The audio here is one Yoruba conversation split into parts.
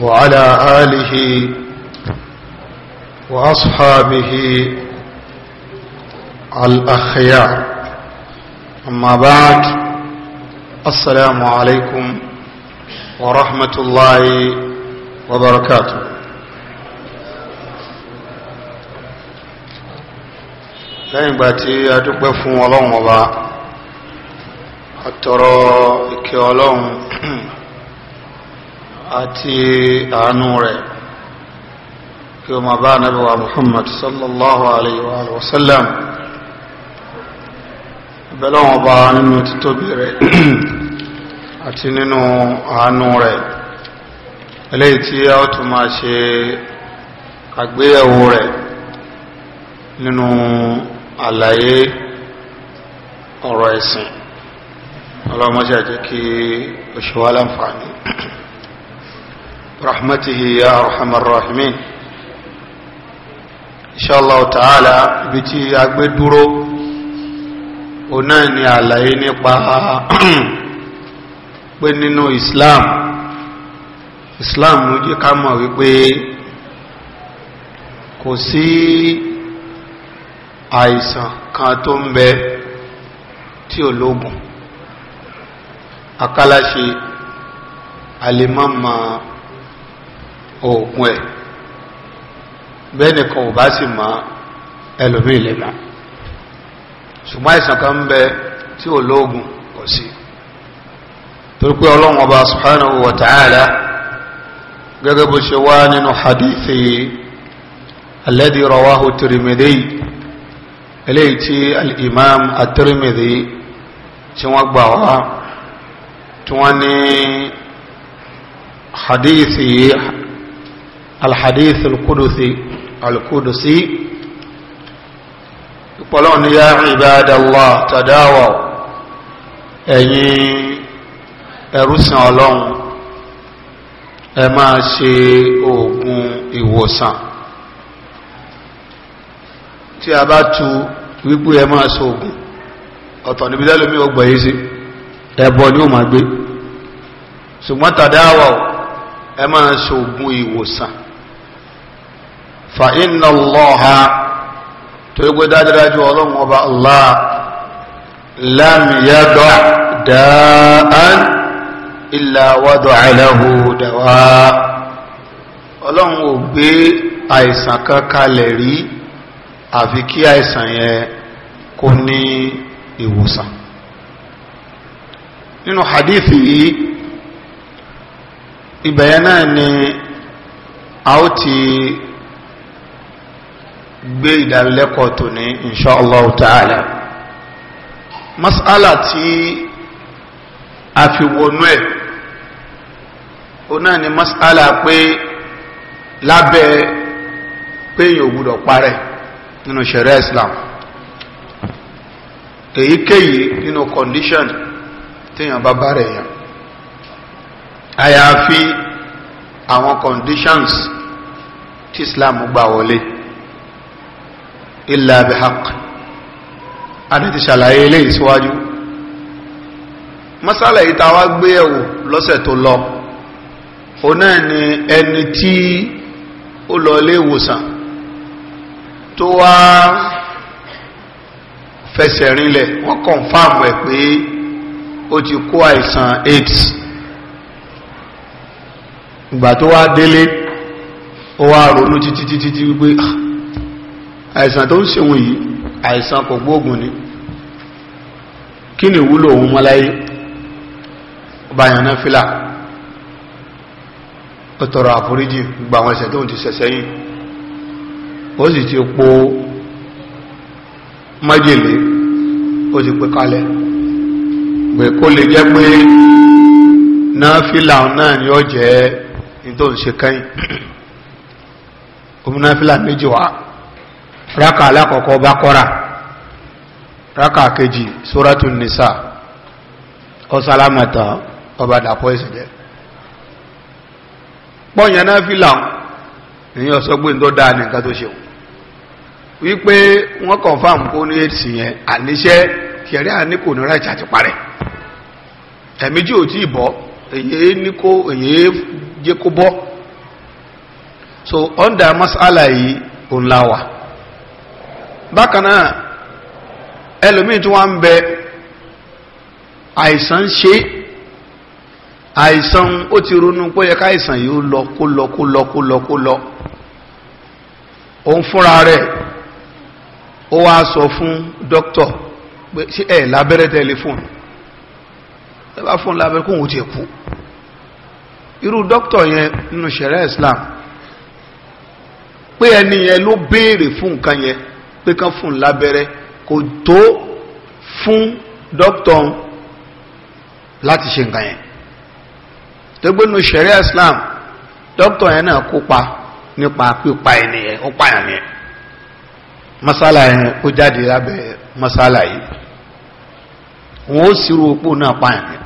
وعلى آله وأصحابه الأخيار أما بعد السلام عليكم ورحمة الله وبركاته لأن باتي tí a dúpẹ́ fún ọlọ́run ọba àtọ̀rọ̀ àti àánú rẹ̀ kí o máa bá ànábì wa Muhammad sallallahu alayhi wa sallam bẹ́lẹ̀ wọn bá nínú títóbi rẹ̀ àti nínú àánú rẹ̀ eléyìí tí a ó tún máa ṣe àgbéyẹ̀wò rẹ̀ nínú àlàyé ọ̀rọ̀ ẹ̀sìn ọlọ́mọṣẹ́ jẹ́ kí oṣù wa láǹfààní برحمته يا أرحم الراحمين إن شاء الله تعالى بتي أقبدرو ọ̀nà ni àlàyé nípa pé nínú Islam Islam jẹ́ ká mọ̀ wípé kò sí àìsàn kan tó ń bẹ tí ò lóògùn akálàṣe alimọ́mọ́ oògùn ẹ̀ bẹ́ẹ̀ni kan ò bá sì mọ ẹlòmíì lè mọ̀ ṣùgbọ́n àìsàn kan ń bẹ tí ò lóògùn kò sí torí pé ọlọ́run ọba subhanahu wa ta'ala gẹ́gẹ́ bó ṣe wá nínú hadithi alladhi rawahu tirimidi eléyìí tí al-imam at tí wọ́n gbà wá tí wọ́n ní hadithi الحديث القدسي القدسي يقولون يا عباد الله تداووا ẹ̀yin ẹrúsìn ọlọ́run ẹ شيء ṣe oògùn ìwòsàn tí a bá tu wípé ẹ máa ṣe oògùn ọ̀tọ̀ níbi lẹ́lómi ó gbọ̀yé sí ẹbọ ni ó máa gbé ṣùgbọ́n tàdáwọ̀ ẹ máa ṣe oògùn ìwòsàn fa inna Allaha tó gbé dájúdájú ọlọ́run ọba Allah lam yada da'an illa wada'a lahu dawa ọlọ́run ò gbé àìsàn kan kalẹ̀ rí àfi kí àìsàn yẹn kó ní ìwòsàn nínú hadithi yìí ìbẹ̀yẹ náà ni a ó ti gbé ìdánilẹ́kọ̀ọ́ tó ní insha Allah ta'ala mas'ala tí a fi wọnú ẹ̀ ó náà ni mas'ala pé lábẹ́ pé èyàn gbúdọ̀ parẹ́ nínú ṣẹ̀rẹ́ Islam èyíkéyìí nínú condition téèyàn bá bá rẹ̀ yàn àyàfi àwọn conditions tí Islam gbà wọlé illa bihaq adé ti ṣàlàyé ilé ìsíwájú masala ìta wá gbé ẹ̀wò lọ́sẹ̀ tó lọ o náà ni ẹni tí ó lọ ilé ìwòsàn tó wá fẹsẹ̀ rinlẹ̀ wọ́n kọ̀nfàmù ẹ̀ pé ó ti kó àìsàn AIDS ìgbà tó wá délé ó wá ronú títí títí wípé ah àìsàn tó ń ṣeun yìí àìsàn kò gbóògùn ni kí ni ìwúlò òun mọ́láyé ọba yànnà fìlà ó tọrọ àforíjì gba àwọn ẹ̀ṣẹ̀ tó ń ti ṣẹ̀ṣẹ̀ yìí ó sì ti po májèlé ó sì pé kalẹ̀ pé kó lè jẹ́ pé náà fìlà náà ni ó jẹ́ ní tó ń ṣe kẹ́yìn òun náà fìlà méjì wá rákà alákọ̀ọ́kọ́ Baqara rákà kejì Suratul Nisa ọsálámàtà ọba dàpọ̀ ìsìnjẹ́ pọ́nyàn náà fílà ní ọ̀sọ́gbé tó dáa ní nǹkan tó ṣe wípé wọ́n confirm kó ní aids yẹn àníṣẹ́ kẹrẹ́ àníkò ní ráìtì àti parẹ́ ẹ̀mí ò tí bọ́ èyí ní èyí jẹ́ bọ́ so under masala yìí òun láwàá bákan náà ẹlòmíì tí wọ́n ń bẹ àìsàn ṣe àìsàn ó ti ronú pé yẹ káìsàn yìí ó lọ kó lọ kó lọ kó lọ kó lọ òun fúnra rẹ̀ ó wá sọ fún dókítọ̀ pé ṣé ẹ̀ lábẹ́rẹ́ tẹlifóònù ẹ bá fún lábẹ́rẹ́ kóun ó ti kú irú dókítọ̀ yẹn nínú ṣẹ̀rẹ́ Islam pé ẹni yẹn ló béèrè fún nǹkan yẹn pé kán fún un lábẹ́rẹ́ kò tó fún dókítà láti ṣe nǹkan yẹn tó gbénu Islam dókítà yẹn náà kópa nípa pípa ẹnìyẹn ó pààyàn yẹn masala yẹn ó jáde lábẹ́ masala yìí wọn ó sírò opó náà pààyàn yẹn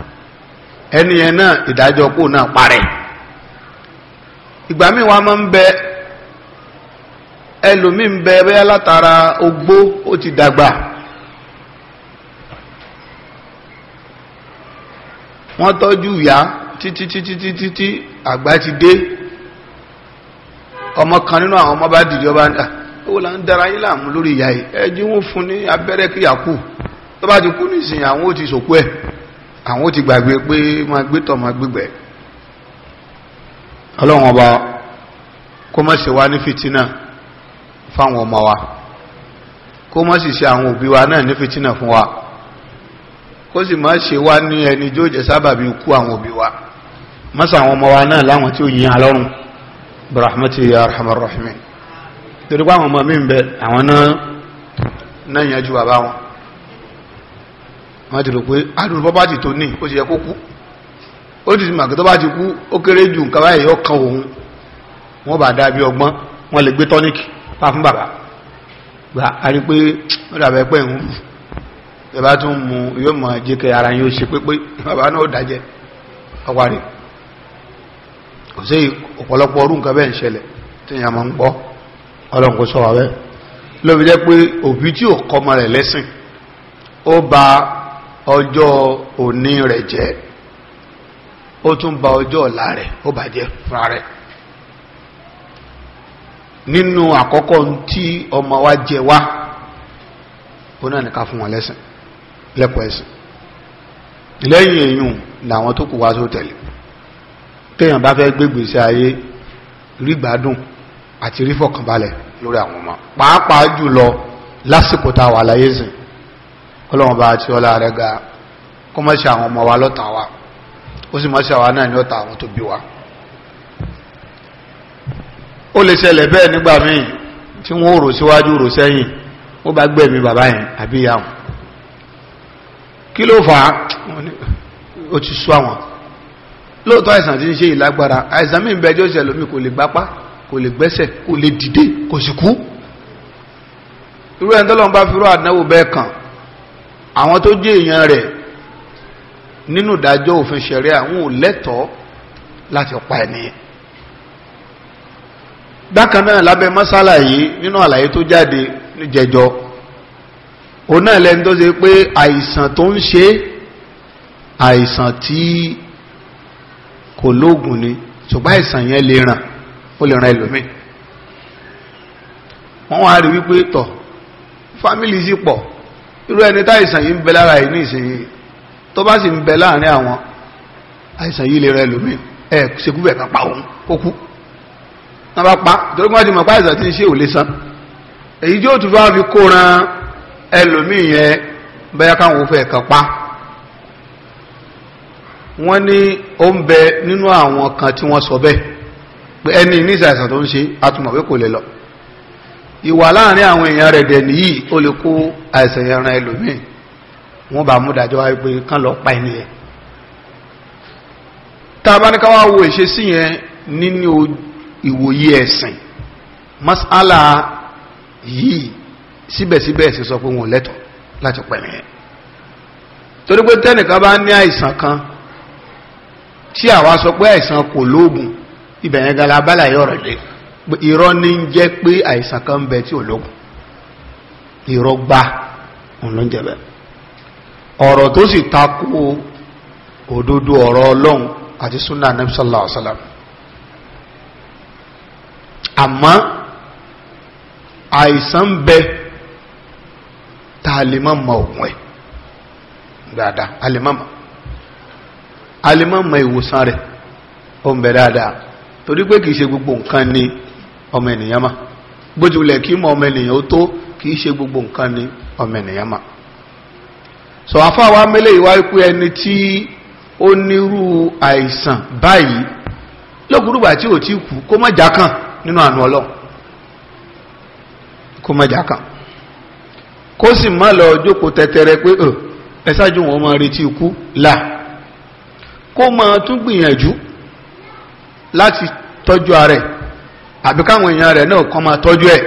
ẹnìyẹn náà ìdájọ́ opó náà parẹ́ ìgbà míì wọn máa ń bẹ ẹlòmí ń bẹ bẹ́yà látara ogbó ó ti dàgbà wọ́n tọ́jú ìyá títí títí títí tí àgbà ti dé ọmọ kan nínú àwọn ọmọ bá dìde ọba níta ó là ń dára yín láàmú lórí ìyá yìí ẹjí wọ́n fún ní abẹ́rẹ́ kí ìyá kù tó bá ti kú nísìnyí àwọn ò ti sòkú ẹ̀ àwọn ò ti gbàgbé pé máa gbé tọ̀ máa gbégbẹ̀ ọlọ́run ọba kó má ṣe wá ní fìtínà fáwọn ọmọ wa kó má sì ṣe àwọn òbí wa náà ní fìtínà fún wa kó sì má ṣe wá ní ẹni tó jẹ sábàbí kú àwọn òbí wa má ṣe àwọn ọmọ wa náà láwọn tí ó yin alọ́run barahmati ya arhamar rahimin torí pé àwọn ọmọ mi ń bẹ àwọn náà náà yanjú bàbá wọn wọ́n pé adùn bọ́bátì tó ní ó sì yẹ kó kú ó ti màkì tó bá ti kú ó kéré ju nǹkan báyìí ọkàn òun wọ́n bá dàbí ọgbọ́n wọ́n lè gbé tọ́níkì pàfún bàbá gbà a rí pé ó dàbẹ̀ pé tún mú yóò mọ̀ jẹ́ kẹ ara yóò ṣe pépé bàbá náà dájẹ́ ọparí kò sí ọ̀pọ̀lọpọ̀ ọdún nǹkan bẹ́ẹ̀ ṣẹlẹ̀ tí èèyàn máa ń gbọ́ ọlọ́run sọ nínú àkọ́kọ́ tí ọmọ wa jẹ wá ó náà ní ká fún wọn lẹ́sìn lẹ́kọ̀ọ́ ẹ̀sìn lẹ́yìn èyàn làwọn tó kù wá tó tẹ̀lé téèyàn bá fẹ́ gbégbèsè ayé rí gbádùn àti rí fọkànbalẹ̀ lórí àwọn ọmọ pàápàá jùlọ lásìkò tá wà láyé sìn ọlọ́run bá ti ọlá rẹ̀ ga kó àwọn ọmọ wa lọ́tà wa ó sì má àwa náà ní ọ̀tá àwọn tó bí wa ó lè ṣẹlẹ̀ bẹ́ẹ̀ nígbà míì tí wọ́n rò síwájú rò sẹ́yìn ó bá gbẹ̀mí bàbá yẹn àbí ìyá wọn kí ló fà á ó ti sú àwọn lóòótọ́ àìsàn tí ń ṣe ìlágbára àìsàn míì bẹ́ẹ̀ jọ́sẹ̀ lómi kò lè gbápá kò lè gbẹ́sẹ̀ kò lè dìde kò sì kú nínú ìdájọ́ òfin ṣẹ̀ríà àwọn ò lẹ́tọ̀ọ́ láti pa ẹni bákan náà lábẹ́ mọ́sálà yìí nínú àlàyé tó jáde jẹjọ òun náà lẹni tó ṣe pé àìsàn tó ń ṣe àìsàn tí kò lóògùn ni ṣùgbọ́n àìsàn yẹn lè ràn ó lè ràn ẹlòmíì wọ́n wá rí wípé tọ̀ fámìlì sì pọ̀ irú ẹni tá àìsàn yìí ń bẹ lára yìí ní ìsinyìí tó bá sì ń bẹ láàrin àwọn àìsàn yìí lè ràn ẹlòmíì ẹ ṣekú bẹ̀ ká òun kó kú wọ́n bá pa torí wọ́n ti mọ̀ pa àìsàn tí ń ṣe ò lè san èyí tí ó tún bá fi kóran ẹlòmíì yẹn bẹ́ẹ̀ káwọn fẹ́ kan pa wọ́n ní ó ń bẹ nínú àwọn kan tí wọ́n sọ bẹ́ẹ̀ pé ẹni ní ìsàìsàn tó ń ṣe atùmọ̀ pé kò lè lọ ìwà láàrin àwọn èèyàn rẹ̀ dẹ̀ nìyí ó lè kó àìsàn yẹn ran ẹlòmíì wọ́n bá mú dájọ́ wáyé kán lọ pa ẹni yẹn tá a bá ní ká wá wo ìṣesí yẹn nínú ìwòye ẹ̀sìn masala yìí síbẹ̀síbẹ̀ ẹ̀sìn sọ pé wọn lẹ́tọ̀ láti pẹ̀lẹ̀ ẹ̀ torí pé tẹ́nìkan bá ní àìsàn kan tí àwa sọ pé àìsàn kò lóògùn ibẹ̀yẹn lé ní ń kan bẹ tí ò lóògùn òun ló ń tó sì òdodo àmọ́ àìsàn ń bẹ tá a lè má mọ ògùn ẹ̀ dáadáa a lè má mọ a lè má mọ ìwòsàn rẹ̀ ó ń bẹ dáadáa torí pé kìí ṣe gbogbo nǹkan ni ọmọ ènìyàn mà gbójúlẹ̀ kí mọ ọmọ ènìyàn ó tó kìí ṣe gbogbo nǹkan ni ọmọ ènìyàn mà sọ afáwa mẹ́lẹ̀ ìwá ikú ẹni tí ó nírú àìsàn báyìí lókùrúgbà tí ò ti kú kó má jákàn nínú àánú ọlọ́run kó mọ̀jà kan kó sì má lọ jókòó tẹ́tẹ́rẹ́ pé ẹ ṣáájú wọn máa retí ikú là kó máa tún gbìyànjú láti tọ́jú ara ẹ̀ àbí káwọn èèyàn rẹ̀ náà kàn máa tọ́jú ẹ̀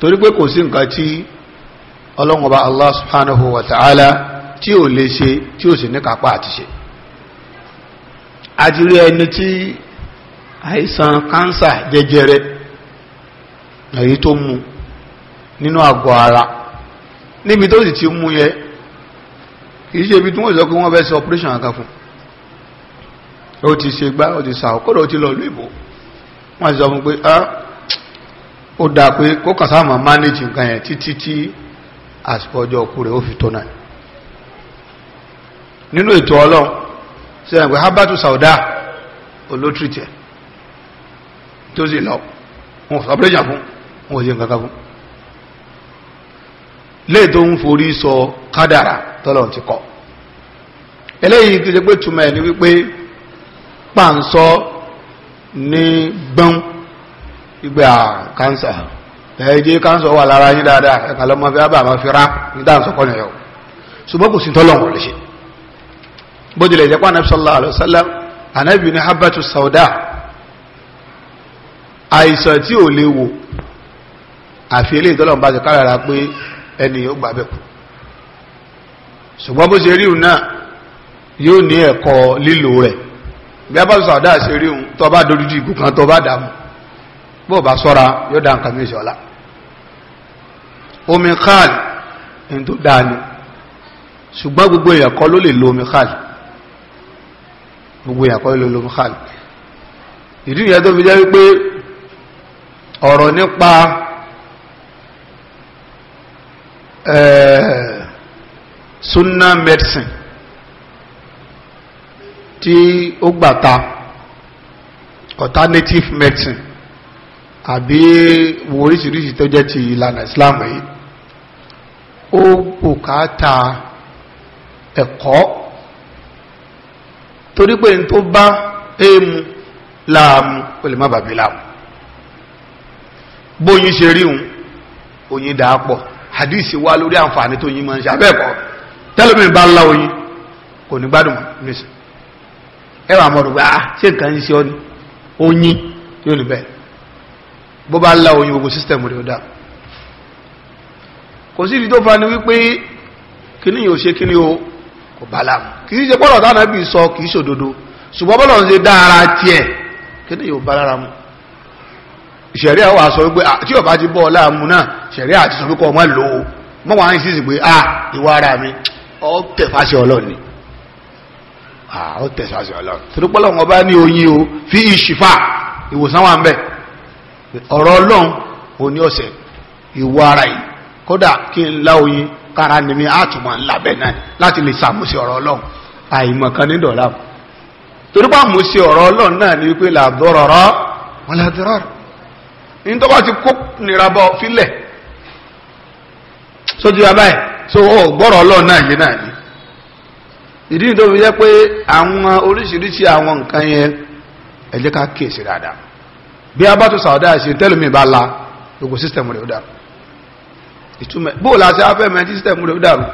torí pé kò sí nǹkan tí ọlọ́run ọba Allah subhanahu wa ta'ala tí ò lè ṣe tí ò sì ní kápá àti ṣe àti rí ẹni tí àìsàn kánsà jẹjẹrẹ èyí tó mú nínú àgọ́ ara níbi tó sì ti mú yẹ kìí ṣe ibi tí wọ́n sọ pé wọ́n fẹ́ ṣe operation àkà fún ó ti ṣe gbá ó ti sàó kódà ó ti lọ lóìbò wọ́n ti sọ fún pé ó dáa pé kó kàn sáà máa manage nǹkan yẹn títí tí àsìkò ọjọ́ rẹ̀ ó fi tó nínú ètò ọlọ́run ṣe àgbẹ̀ habatu sauda olótìrìtì ẹ̀ tó sì lọ wọn fàbílẹ̀jà fún wọn jẹ́ nǹkan fún lè tó ń forí sọ kádàrà tọ́lọ̀ ti kọ́ eléyìí tó ṣe pé túmọ̀ ẹ̀ ní wípé pàǹsọ́ ní gbọ́n ìgbẹ́ àkánsà ẹ̀ẹ́jẹ́ kánsọ̀ wà lára yín dáadáa ẹ̀kà lọ́mọ fi ábà máa fi rá ní dáǹsọ́kọ́ bó tilẹ̀ jẹ́ pé anabi sallallahu alayhi wa sallam anabi ní habatu sauda àìsàn tí ò léwu àfi eléyìí tọ́lọ̀ ń bá ti kárara pé ẹni yóò gbà bẹ́ẹ̀ kú ṣùgbọ́n bó ṣe ríhùn náà yóò ní ẹ̀kọ́ lílò rẹ̀ bí abáṣọ sauda ṣe ríhùn tó bá dojú ìgò kan tó bá dààmú bó bá sọ́ra yóò dá nǹkan méjì ọ̀la omi khal ní tó dáa ni ṣùgbọ́n gbogbo èèyàn ló lè lo omi khal gbogbo ìyàkọ́ ìlòlò mkhal ìdí ìyà tó fi jẹ́ wípé ọ̀rọ̀ nípa sunna medicine tí ó gbàta alternative medicine àbí oríṣiríṣi tó jẹ́ ti ìlànà Islam yìí ó bùkátà ẹ̀kọ́ torí pé n tó bá éèmù láàmú ó lè má bàbí láàmú bóyin ṣe rí òun oyin dà á pọ̀ hadisi wá lórí àǹfààní tó yin máa ń ṣe abẹ́ẹ̀kọ́ tẹ́lómi bá ńlá oyin kò ní gbádùn nísìn ẹ wà mọ̀ rògbà á ah, ṣé nǹkan ṣe ọ́ ni oyin yóò lè bẹ́ẹ̀ bó bá ńlá oyin gbogbo sísítẹ̀mù rẹ̀ ó dáa kò sí ibi tó fa ni wípé kíní yóò ṣe kíní o kò bala mu kì í ṣe bọ́lọ̀ tá ànábì sọ kì í ṣòdodo ṣùgbọ́n bọ́lọ̀ ń ṣe dára tiẹ̀ kí ni yóò bala mu ìṣẹ̀rí àwọn àṣọ wípé ah, tí ọba ti bọ́ ọlá mu náà ìṣẹ̀rí àti sọ wípé ọmọ lò ó mọ́ wàá ń sísì pé ah ìwà ara mi ọ tẹ̀fàṣẹ ọlọ́ọ̀ni ọ ah, tẹ̀fàṣẹ ọlọ́ọ̀ni torípọ́lọ́ wọn bá ní oyin o fi ìṣìfà ìwòsàn wà ń bẹ̀ ọ̀rọ̀ ọlọ́run òní ọ̀sẹ̀ ìwà ara yìí kódà kí n lá oyin kára ni mi àtùmọ̀ ńlábẹ̀ náà láti lè sàmúsí ọ̀rọ̀ ọlọ́run àìmọ̀ kan ní dọ̀là torípa àmúsí ọ̀rọ̀ ọlọ́run náà ni wípé làdọ́rọ̀rọ̀ wọn làdọ́rọ̀rọ̀ ní tó bá ti kó nira bọ́ fílẹ̀ sójú abáyé so ó gbọ́rọ̀ ọlọ́run náà yé náà ni ìdí tó fi jẹ́ pé àwọn oríṣiríṣi àwọn nǹkan yẹn ẹ jẹ́ ká kíyèsí dáadáa bí a ṣe tẹ́lómi bá la gbogbo sísítẹ̀mù rẹ̀ ó dáa ìtumẹ̀ bóò la ṣe á fẹ́ mẹ tí sítẹ̀mù rẹ̀ dàrú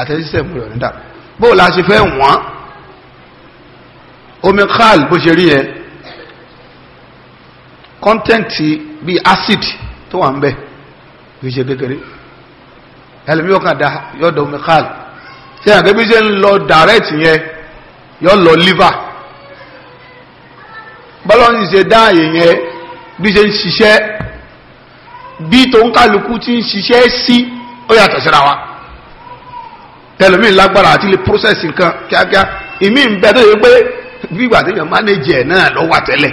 àti tí sítẹ̀mù rẹ̀ ní dàrú bóò la ṣe fẹ́ wọ́n omi khal bó ṣe rí yẹn kọ́ńtẹ́ǹtì bíi acid tó wà ń bẹ̀ kì í ṣe kékeré ẹlẹ́mi yóò kàn dá yọ̀dọ̀ omi khal ṣé àgbẹ̀ bí ṣe ń lọ direct yẹn yọ̀ lọ liver bọ́lá ń ṣe dá àyè bí ṣe ń ṣiṣẹ́ bí tòun kálukú ti ń ṣiṣẹ́ sí ó yàtọ̀ síra wa tẹlomi lágbára àti lè process nǹkan kíákíá ìmí ń bẹ tó yẹ pé gbígbà tí yàn manage ẹ̀ náà lọ wà tẹ́lẹ̀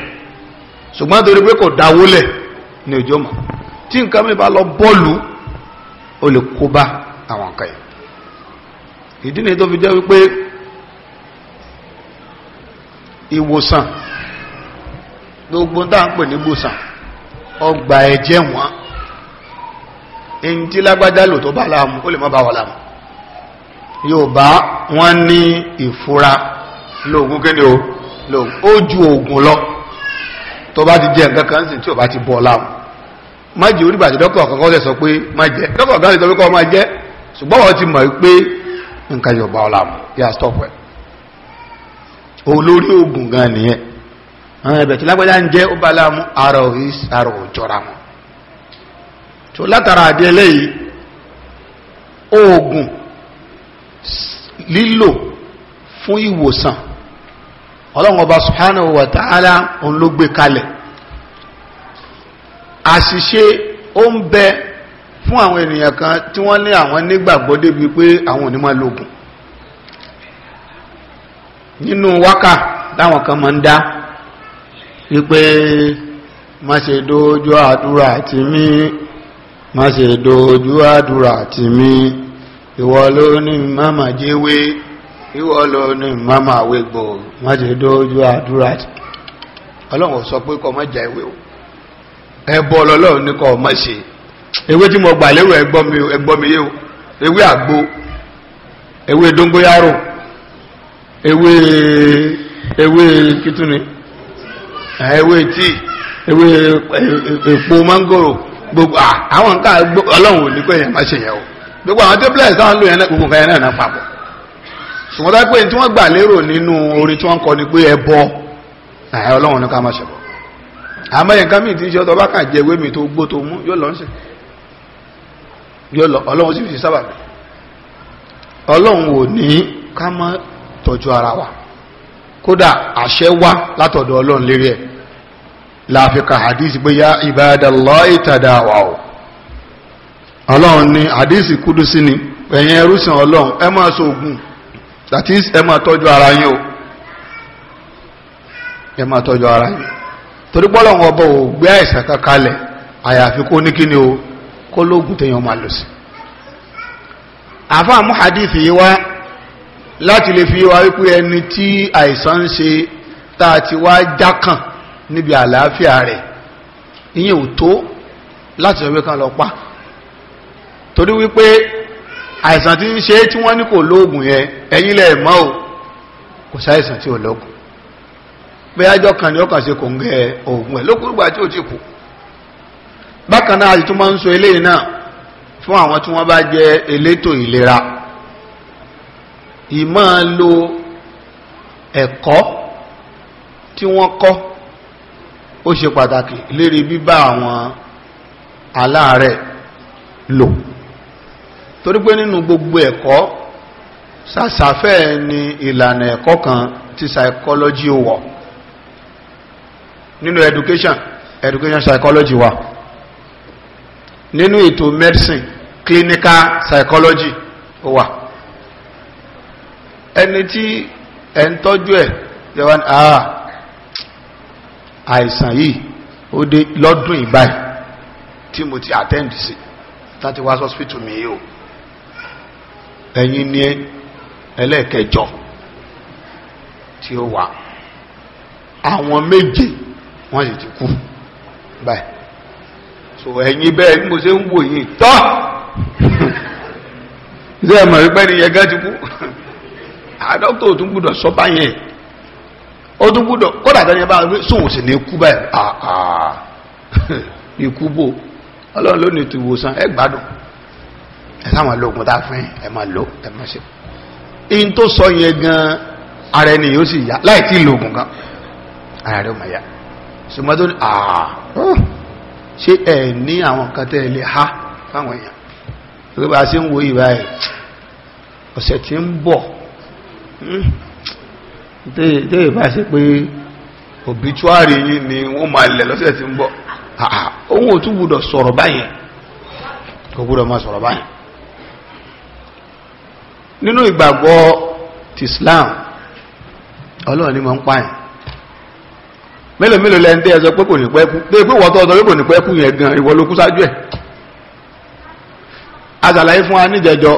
ṣùgbọ́n torí pé kò dáwó lẹ̀ ní ọjọ́ mọ̀ tí nǹkan mi bá lọ bọ́ọ̀lù ó lè kó bá àwọn nǹkan yẹn ìdí ni tó fi jẹ́ wípé ìwòsàn gbogbo tá ń pè ní gbòsàn ọgbà ẹ̀jẹ̀ wọn in lagbada lágbájá lò tó bá láàmù ó lè mọ́ bá wà láàmù o oju ju lọ ti je nǹkan kan si ti o ba ti bọ̀ ma má jẹ oníbàjẹ́ dọ́kọ̀ kankan lè sọ pe ma je dọ́kọ̀ kan lè sọ pé kọ́ má ti mọ̀ pé nǹkan yóò bá ọ ya stop ẹ̀ olórí ogun gan nìyẹn àwọn tó látara àdí eléyìí oògùn lílò fún ìwòsàn ọlọ́run ọba subhanahu wa ta'ala òun ló gbé kalẹ̀ àṣìṣe ó ń bẹ fún àwọn ènìyàn kan tí wọ́n ní àwọn nígbàgbọ́ débi pé àwọn òní máa lògùn nínú wákà táwọn kan ma ń dá wípé má ṣe dójú àdúrà àti mí ma ṣe dojú àdúrà ti mi ìwọ ló ní máma jẹ́wé ìwọ ló ní máma wégbò ma ṣe dojú àdúrà tì mí ọlọ́run sọ pé kọ mọ́ jẹ ewé o ẹbọ ọlọ́run ní kọ mọ́ ṣe ewé tí mo gbà lérò ẹgbọ́ mi yé o ewé àgbo ewé dóngóyárò ewé ewé kìtúni ewé tíì ewé èpo e, e, gbogbo ah, àwọn nǹkan ọlọ́run ò ní pé èèyàn má ṣe yẹn o gbogbo àwọn tablets táwọn lò yẹn náà gbogbo nǹkan náà papọ̀ ṣùgbọ́n tá pé tí wọ́n gbà lérò nínú orin tí wọ́n kọ ni pé ẹbọ àyà ọlọ́run ní ká má ṣẹbọ àmọ́ yẹn kámi ti ń ṣe ọtọ bá kàn jẹ ewé mi tó gbó tó mú yóò lọ ń sìn yóò lọ ọlọ́run sì fi sábà bẹ̀ ọlọ́run ò ní ká má tọ́jú ara wa kódà àṣẹ wá látọ̀dọ̀ ọlọ́run lérí ẹ̀ láàfikà hadith pé ya ibadallahi tadawaw ọlọ́run ni hadith kudusi ni ẹ̀yin ẹrúsìn ọlọ́run ẹ máa so oògùn that is ẹ máa tọ́jú ara yín o ẹ máa tọ́jú ara yín torí pọ́lọ̀ wọn bọ̀ ò gbé àìsàn kankalẹ̀ àyàfi kó ní kíni o kó lóògùn téèyàn máa lò sí àfáà mú yìí wá láti lè fi wá wípé ẹni tí àìsàn ń ṣe tá a ti wá jákàn níbi àlàáfíà rẹ̀ ìyẹn ò tó láti ọwé kan lọ pa torí wípé àìsàn tí ń ṣe tí wọ́n ní kò lóògùn yẹn ẹ̀yin lẹ̀ ò kò sáìsàn tí ò lóògùn bí ajọ́ kan ni ó kàn ṣe kò ń gẹ oògùn ẹ̀ lókùrùgbà tí ò ti kù bákan náà àti tó máa ń sọ eléyìí náà fún àwọn tí wọ́n bá jẹ́ elétò ìlera ìmọ̀ lo ẹ̀kọ́ tí wọ́n kọ́ ó ṣe pàtàkì lérí bíbá àwọn aláàárẹ̀ lò torí pé nínú gbogbo ẹ̀kọ́ sàṣàfẹ́ ni ìlànà ẹ̀kọ́ kan ti psychology wọ̀ nínú education education psychology wà nínú ètò medicine clinical psychology ó wà ẹni tí ẹ̀ ń tọ́jú ẹ̀ yẹ wá ní àá ah, àìsàn yìí ó dé lọ́dún ìbáyìí tí mo ti attend sí láti wá hospital mi yìí o ẹ̀yin ni ẹlẹ́ẹ̀kẹjọ tí ó wà àwọn méje wọ́n sì ti kú báyìí so ẹ̀yin bẹ́ẹ̀ ní mo ṣe ń wò yìí tọ́ ṣé ẹ mọ̀ wípé ni yẹn gán ti kú àdókòtò tún gbúdọ̀ sọ báyẹn ó tún gbúdọ̀ kódà tẹ́lẹ̀ bá rí sóhùn sí ní ikú báyìí àà ah, ah. ikú bò ọlọ́run ló ní ètò ìwòsàn ẹ gbádùn ẹ sáwọn lóògùn tá a fún ẹ máa lò ẹ máa ṣe in tó sọ yẹn gan ara ẹni yóò sì yá láì tí lóògùn gan ara rẹ ò yá ṣùgbọ́n tó ní ah, ní àwọn kan tẹ́ ẹ ha fáwọn èèyàn gbogbo àti ń wo ìwà ẹ ọ̀sẹ̀ tí ń bọ̀ hmm, tó yìí bá ṣe pé obituari yìí ni wọ́n máa lẹ̀ lọ́sẹ̀ tí ń bọ̀ ohun ò tún gbúdọ̀ sọ̀rọ̀ báyẹn kò gbúdọ̀ máa sọ̀rọ̀ báyẹn nínú ìgbàgbọ́ ti Islam Ọlọ́run ni máa ń pààyàn mélòó mélòó lẹ́ndé ẹ sọ pé kò ní pẹ́kú pé pé wọ́n tọ́tọ́ pé kò ní pẹ́kú yẹn gan ìwọ ló kú sáájú ẹ̀ azàlàyé fún wa níjẹjọ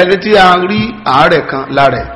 ẹni tí a rí àárẹ̀ kan lára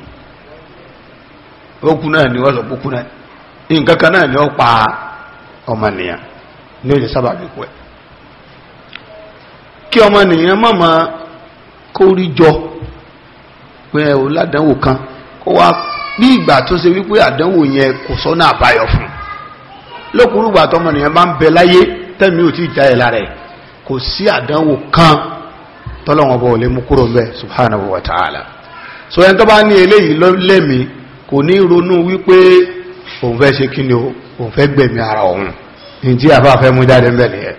ó kú náà ni wọ́n sọ pé kú náà nǹkan kan náà ni ó pa ọmọnìyàn ní òye sábà bí pẹ́ kí ọmọnìyàn má máa kó rí jọ pé ẹ ò ládánwò kan kó wá bí ìgbà tó ṣe wípé àdánwò yẹn kò sọ́nà àbáyọ fún lókùrúgbà tọmọnìyàn bá ń bẹ láyé tẹ́mi ò tí ì já ẹ̀ lára ẹ̀ kò sí àdánwò kan tọ́lọ́wọ́n bọ̀ ò kúrò ń bẹ́ subhanahu wa ta'ala so ẹni tó bá ní eléyìí lẹ́mìí kò ní ronú wípé òun fẹ́ ṣe kí ni òun fẹ́ gbẹ̀mí ara òun ní tí àbá fẹ́ mú jáde mbẹ̀ nìyẹn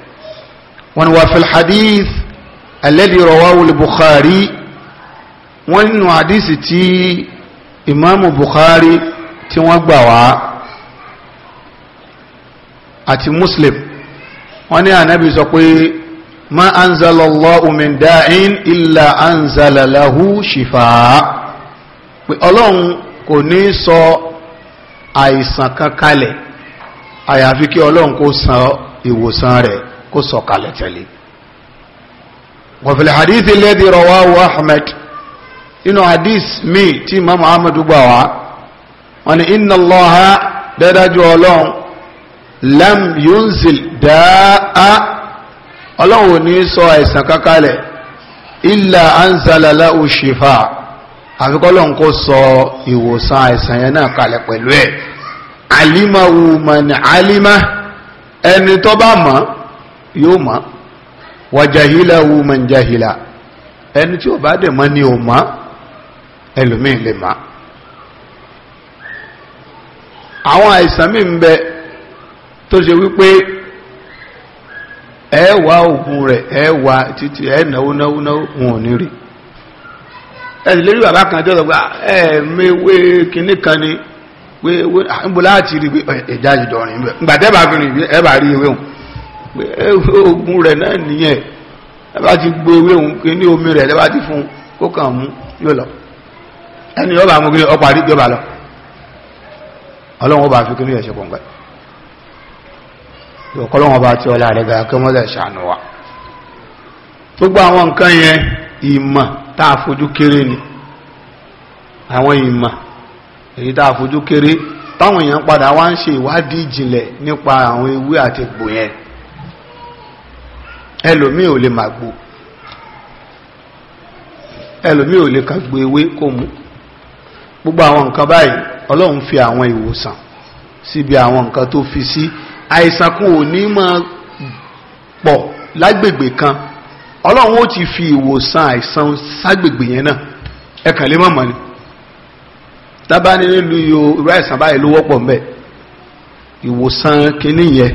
wọ́n ni wà fil hadith alladhi rawahu al-Bukhari wọ́n nínú hadisi tí imaamu Bukhari tí wọ́n gbà wá àti Muslim wọ́n ní ànábì sọ pé ma anzalallahu min da'in illa anzalalahu shifa pé ọlọ́run kò ní sọ àìsàn kan kalẹ̀ àyàfi kí ọlọ́run kó san ìwòsàn rẹ̀ kó sọ kalẹ̀ tẹ̀lé wa fil hadith alladhi rawahu ahmed nínú hadith mi tí imam ahmed gbà wá wọn ni inna allaha dádájú ọlọ́run lam yunzil dáa ọlọ́run ò ní sọ àìsàn kan kalẹ̀ illa anzala lahu shifa àfikọ́lọ́n kó sọ ìwòsàn àìsàn yẹn náà kalẹ̀ pẹ̀lú ẹ̀ alimahu alima ẹni tó bá mọ̀ yóò mọ̀ wàjahilahu mani jahila ẹni tí ò bá dẹ̀ mọ̀ ni ma mọ̀ ẹlòmíì lè mọ̀ àwọn àìsàn mi ń bẹ tó ṣe wípé ẹ wá oògùn rẹ̀ ẹ wá títí ẹ̀sìn lérí bàbá kan tó lọ́gbà ah, ẹ̀ẹ̀mẹ́wé kìíní kan ni pé ń bó láti rí ẹ̀dá ìdọ̀rin bẹ̀ ńgbàtẹ́bà fi rìn ẹ̀bà rí ewé hùn pé ogun rẹ̀ náà nìyẹn ẹ̀bà ti gbé ewé hùn kí ní omi rẹ̀ lẹ́bà ti fún kó kàn mú yóò lọ ẹni ọba mú kiri ọpa rí jọba lọ ọlọ́run ọba fi kí wọ́n lẹ̀ ṣàánú wa gbogbo ìmọ̀ tá a fojú kéré ni àwọn ìmọ̀ èyí tá a fojú kéré táwọn èèyàn padà wá ń ṣe ìwádìí ìjìnlẹ̀ nípa àwọn ewé àti egbò yẹn ẹlòmíì ò lè má gbò ẹlòmíì ò lè kàn gbò ewé kó mu gbogbo àwọn nǹkan báyìí ọlọ́run fi àwọn ìwòsàn síbi àwọn nǹkan tó fi sí àìsàn kò ní máa pọ̀ lágbègbè kan ọlọ́run ó ti fi ìwòsàn àìsàn ságbègbè yẹn náà ẹ kàn lè mọ̀mọ́ ni tábà ní nílùú yìí irú àìsàn báyìí ló wọ́pọ̀ ń bẹ̀ ìwòsàn kínní yẹn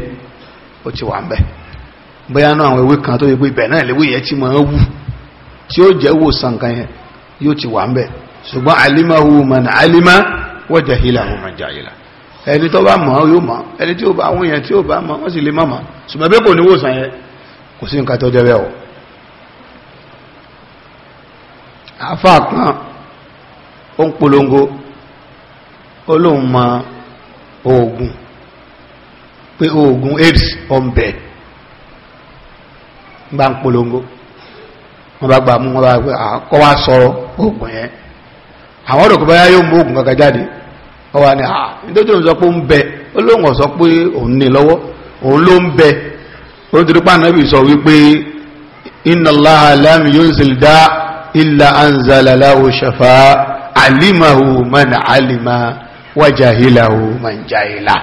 ó ti wà ń bẹ̀ bóyá náà àwọn ewé kan tó yẹ pé ibẹ̀ náà léwé yẹn ti máa ń wù tí ó jẹ́ ìwòsàn kan yẹn yóò ti wà ń bẹ̀ ṣùgbọ́n alimahu man alima wa jahilahu man jahila ẹni tó bá mọ̀ yóò mọ̀ ẹni tí ó bá àwọn èèyàn tí ó bá mọ̀ wọ́n sì lè mọ̀ mọ̀ ṣùgbọ́n bẹ́ẹ̀ kò ní ìwòsàn yẹn kò sí nǹkan tó jẹ́ bẹ́ẹ̀ o. afọ kan ó ń polongo ó lóun oògùn pé oògùn aids ọ̀nbẹ̀ gbà ń polongo wọ́n bá gbà mú wọ́n bá gbé àkọ́ wá sọ̀rọ̀ oògùn yẹn àwọn ọ̀dọ̀ kò yóò mú oògùn kankan jáde wọ́n wá ní à nítorí sọ pé ó ń bẹ ó lóun pé òun ní lọ́wọ́ òun ló ń bẹ ó ti rí sọ illa anzala lahu shafa alimahu man alima wa jahilahu man jahila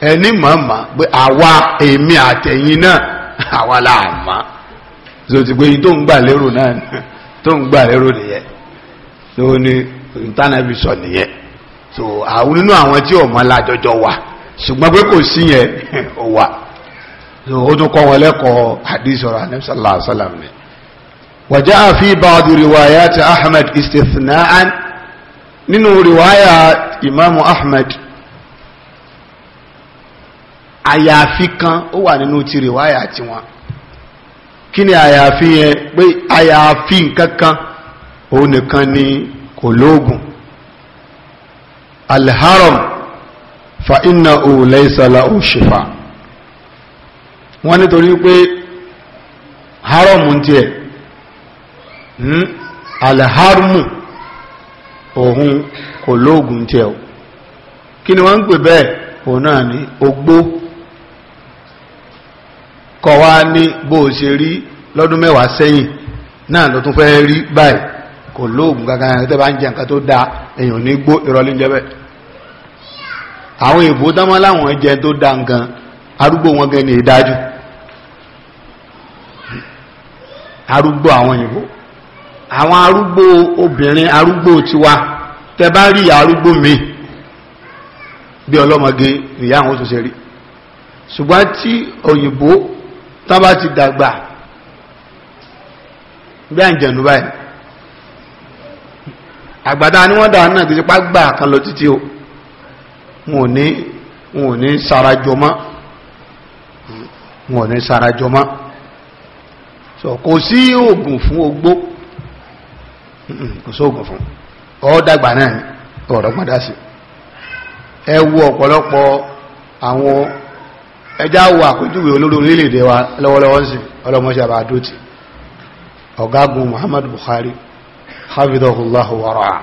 ẹni màmá pé àwa èmi àtẹ̀yìn náà àwa láàmà so ti pé yìí tó ń gbà lérò náà tó ń gbà lérò nìyẹn tó ní ìtànàbí sọ nìyẹn so àwọn nínú àwọn tí ọmọ alájọjọ wà ṣùgbọ́n pé kò sí yẹn ó wà so ó tún kọ́ wọn lẹ́kọ̀ọ́ hadith ọ̀rọ̀ anẹ́sàlá àṣàlám وجاء في بعض روايات أحمد استثناء من رواية إمام أحمد àyàfi kan ó wà nínú ti rìwáyà tiwọn kí ni àyàfi yẹn pé àyàfi nǹkan kan òun nìkan ni kò lóògùn alharam fa inna òlẹ́sàlá ò ṣèfà wọ́n nítorí pé haram ń tiẹ̀ Hmm? alharmu ohun kò lóògùn tí ẹ̀ kí ni wọ́n ń pè bẹ́ẹ̀ òun náà ni ogbó kọ ní bó o ṣe rí lọ́dún mẹ́wàá sẹ́yìn náà tún fẹ́ rí báyìí kò lóògùn kankan tẹ́ bá ń jẹ nǹkan tó dáa èèyàn ní gbó ìrọ̀lẹ́ jẹ́ bẹ́ẹ̀ àwọn èèbó láwọn jẹ tó nǹkan arúgbó wọn ni ìdájú arúgbó àwọn èèbó àwọn arúgbó obìnrin arúgbó tiwa tẹ bá rí arúgbó mi bí ọlọ́mọge ìyá àwọn tó ṣe rí ṣùgbọ́n tí òyìnbó tán bá ti dàgbà bí àǹjẹ̀nù báyìí àgbàdá ni wọ́n dà náà kìí pa gbà kan lọ títí o wọn ò ní wọn ò ní sarajọ mọ́ wọn ò ní sarajọ mọ́ so kò sí oògùn fún ogbó kò sóògùn fún ọ dàgbà náà ni ọ̀rọ̀ sí ọ̀pọ̀lọpọ̀ àwọn ẹjá wà àpèjúwe olórí orílẹ̀-èdè wa lọ́wọ́lọ́wọ́ sí ọlọ́mọṣẹ́ àbádótì ọ̀gágun Muhammad Buhari hafidhahullahu wara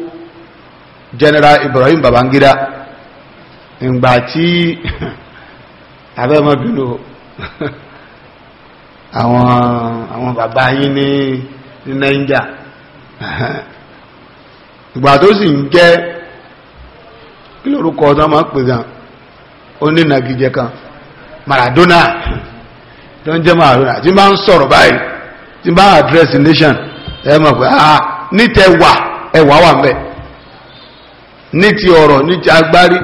general Ibrahim Babangida ìgbà tí abẹ́mọ́bìnú àwọn àwọn bàbá yín ní ní Naija ìgbà tó sì ń jẹ́ kí lórúkọ ọ̀tọ́ máa pè gan onínàgíjẹ kan Maradona tó ń jẹ́ Maradona tí bá ń sọ̀rọ̀ báyìí tí bá address nation ẹ mọ̀ pé ah nítẹ̀wà wa wà mẹ́ẹ̀ ní ti ọ̀rọ̀ ní ti agbárí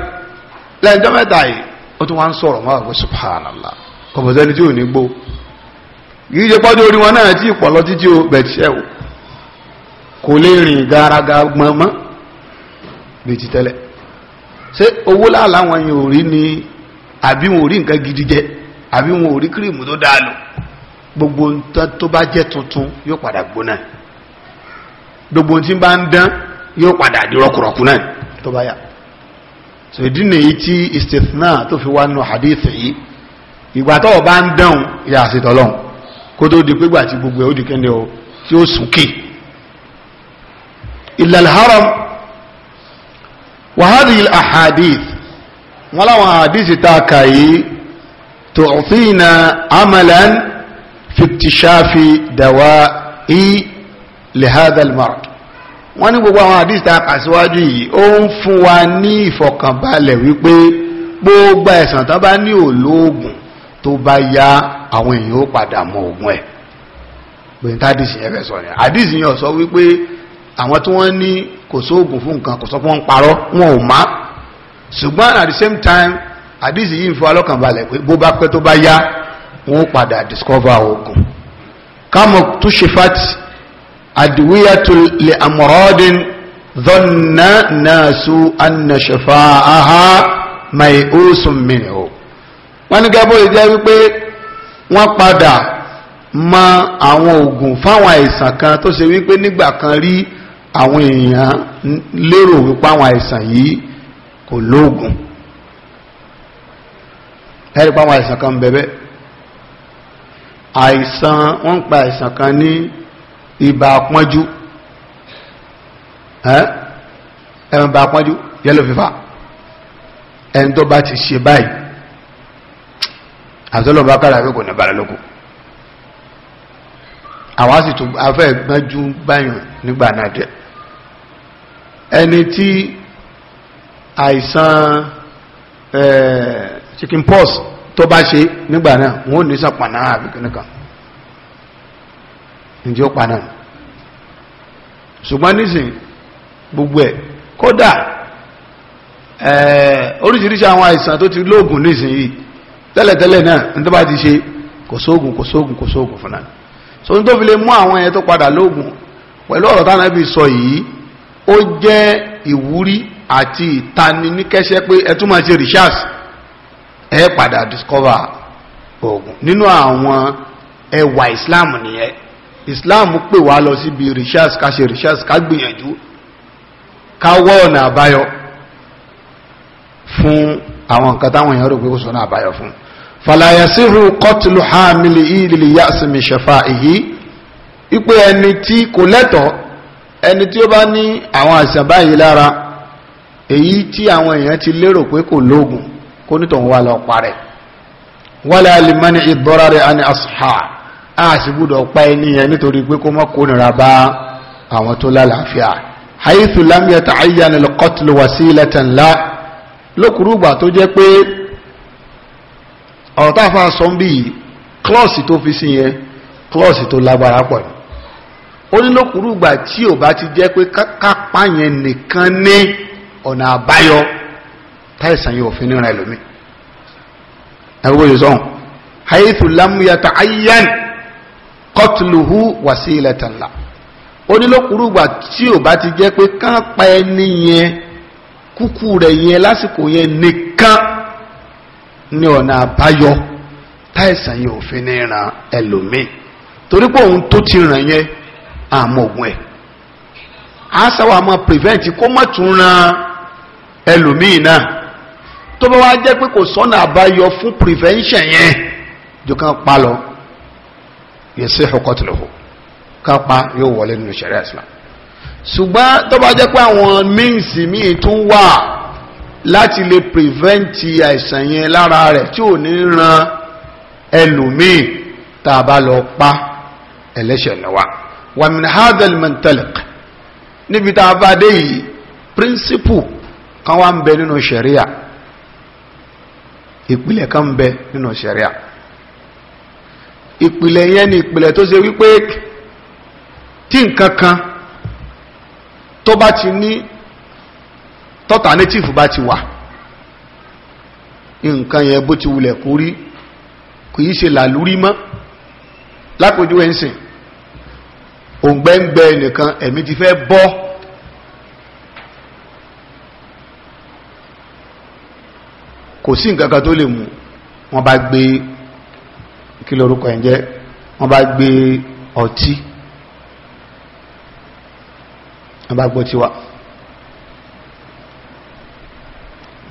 lẹ́yìn mẹ́ta yìí ó tún wá ń sọ̀rọ̀ máa wọ subhanallah kọ̀bọ̀ tí ò ní gbó kì pọ́jú orí wọn náà tí ìpọ̀lọ́ o o garaga gbọmọ́ bí ti tẹ́lẹ̀ ṣé owó láàlá wọn ni àbí wọn ò rí nǹkan gidi jẹ àbí wọn ò rí kírìmù gbogbo tó bá jẹ́ tuntun yóò padà gbóná gbogbo tí bá ń dán yóò padà tó bá yà so ìdí nìyí tí istithna tó fi wá nù hadith yìí ìgbà tó bá ń dẹ̀hùn ìyá àṣetọ̀lọ́hùn kó tó di pé gbà gbogbo ẹ̀ ó di kẹ́ndẹ̀ o tí ó sùnkì illa al-haram a amalan fi iktishafi dawa'i li hadha wọ́n ní gbogbo àwọn àdìsí ta kà síwájú yìí ó ń fún wa ní ìfọ̀kànbalẹ̀ wípé gbogbo ẹ̀sàn tán bá ní òlóògùn tó bá yá àwọn èèyàn ó padà mọ ògùn ẹ̀ gbẹ̀yìn tá àdìsí yẹn fẹ́ sọ ni àdìsí yẹn sọ wípé àwọn tí wọ́n ní kò sóògùn fún nǹkan kò sọ fún wọn parọ́ wọn ò má ṣùgbọ́n at the same time àdìsí yìí ń fún alọ́kànbalẹ̀ pé bó bá pẹ́ tó bá yá wọn ó padà discover ògùn kámọ̀ tó ṣe fati أدوية لأمراض ظن الناس أن شفاءها shafa'aha mai'usun minhu wọ́n ní gẹ́gẹ́ bó ṣe jẹ́ wípé wọ́n padà mọ àwọn oògùn fáwọn àìsàn kan tó ṣe wípé nígbà kan rí àwọn èèyàn lérò wípé àwọn àìsàn yìí kò lóògùn ẹ̀rí pé àwọn àìsàn kan bẹ̀bẹ̀ àìsàn wọ́n ń pa àìsàn kan ní ìbà àpọ́njú ẹ̀rùn bà àpọ́njú yẹ́lò fífà ẹni tó bá ti ṣe báyìí àtọ́lọ́bà kára fẹ́ kò ní bàrẹ̀ lókù àwọn sì tún afẹ́ gbọ́njú báyìí nígbà náà dẹ̀ ẹni tí àìsàn chicken pox tó bá ṣe nígbà náà wọ́n ní sàpàná àbíkẹ́ nìkan ǹjẹ́ ó paná ṣùgbọ́n nísìn gbogbo ẹ̀ kódà oríṣiríṣi àwọn àìsàn tó ti lóògùn nísìn yìí tẹ́lẹ̀tẹ́lẹ̀ náà ní tó bá ti ṣe kò sóògùn kò sóògùn kò sóògùn fúnra so n tó fi lè mú àwọn ẹ̀yẹ tó padà lóògùn pẹ̀lú ọ̀rọ̀ táwọn ẹbí sọ yìí ó jẹ́ ìwúrí àti ìtaniníkẹ́ṣẹ́ pé ẹ tún máa ṣe research ẹ padà discover oògùn nínú àwọn ẹwà Islam nìyẹn Islam pè wá lọ síbi rishas ká ṣe rishas ká gbìyànjú ká wọ́ ọ̀nà àbáyọ fún àwọn nǹkan táwọn èèyàn rò pé kò sọ́nà àbáyọ fún fàlàyàsíhù kọtùlù hàmìlì ìlìlì yásìmì ṣẹfà èyí wípé ẹni tí kò lẹ́tọ̀ọ́ ẹni tí ó bá ní àwọn àìsàn báyìí lára èyí tí àwọn èèyàn ti lérò pé kò lóògùn kó nítòun wà lọ parẹ́ wàlẹ́ alimani ìdọ́rarẹ̀ àni asuhaa a sì gbúdọ̀ pa ẹniyàn nítorí pé kó mọ́ kó nira bá àwọn tó lálàáfíà haythu lam yata'ayyan al-qatl wasilatan la lókùrúgbà tó jẹ́ pé ọ̀rọ̀ tá a fa sọ ń klọ́ọ̀sì tó fi sí yẹn klọ́ọ̀sì tó lágbára pọ̀ ni ó lókùrúgbà tí ò bá ti jẹ́ pé kápá yẹn nìkan ní ọ̀nà àbáyọ táìsàn yóò fi níra ẹlòmí ẹgbẹ́ ìsọ̀hún haythu lam yata'ayyan kọtùlùhù wàsílẹ̀tàlá onílòkùrùgbà tí ò bá ti jẹ́ pé kán pa ẹni yẹn kúkú rẹ̀ yẹn lásìkò yẹn nìkan ní ọ̀nà àbáyọ táìsàn yẹn ò fi ní ran ẹlòmíì torí pé òun tó ti ràn yẹn àmọ́ ògùn ẹ̀ á sáwọ́ àmọ́ prevent kó má tún ran ẹlòmíì náà tó bá wá jẹ́ pé kò sọ́nà àbáyọ fún prevention yẹn jù kan pa lọ yasihu qatluhu kápá yóò wọlé nínú sharia islam ṣùgbọ́n tó bá jẹ́ pé àwọn míǹsì míì tún wà láti lè prevent àìsàn yẹn lára rẹ̀ tí ò ní ran ẹlòmíì tá a bá lọ pa ẹlẹ́ṣẹ̀ lọ́wọ́ wa min níbi tá a bá dé yìí principle kan wà ń bẹ nínú sharia ìpìlẹ̀ kan ń bẹ nínú sharia ìpìlẹ̀ yẹn ni ìpìlẹ̀ tó ṣe wípé tí nǹkan kan tó bá ti ní tọ́ta native bá ti wà nǹkan yẹn bó ti wulẹ̀ kó rí kò yí ṣe làlúrí mọ́ lápòjúwe ń sìn nìkan ẹ̀mí ti fẹ́ bọ́ kò sí nǹkan tó lè mú wọn bá gbé kí lórúkọ ẹ̀ jẹ́ wọ́n bá gbé ọtí wọ́n bá gbọ́ tí wà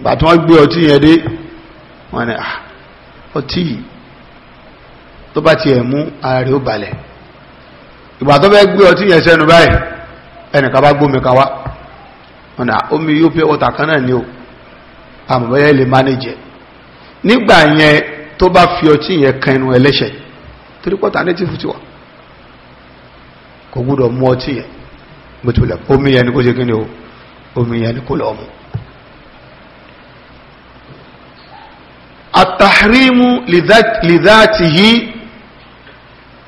bàtí wọ́n gbé ọtí yẹn dé wọ́n ni ah, ọtí yìí tó bá ti ẹ̀ mú ara rẹ̀ ó balẹ̀ ìgbà tó bẹ́ gbé ọtí yẹn sẹ́nu báyìí ẹnìkan bá gbómi ká wá wọ́n ni ah, omi yóò pé ọ̀tà kan náà ni ó àmọ̀bẹ́yẹ lè mánéjẹ nígbà yẹn tó bá fi ọtí yẹn kan ẹnu ẹlẹ́ṣẹ̀ torí pọ́tà nẹ́tífù ti wà kò gbúdọ̀ mú ọtí yẹn gbẹ̀tùlẹ̀ omi yẹn ni kó ṣe kí ni o omi yẹn ni kó lọ mú. التحريم لذاته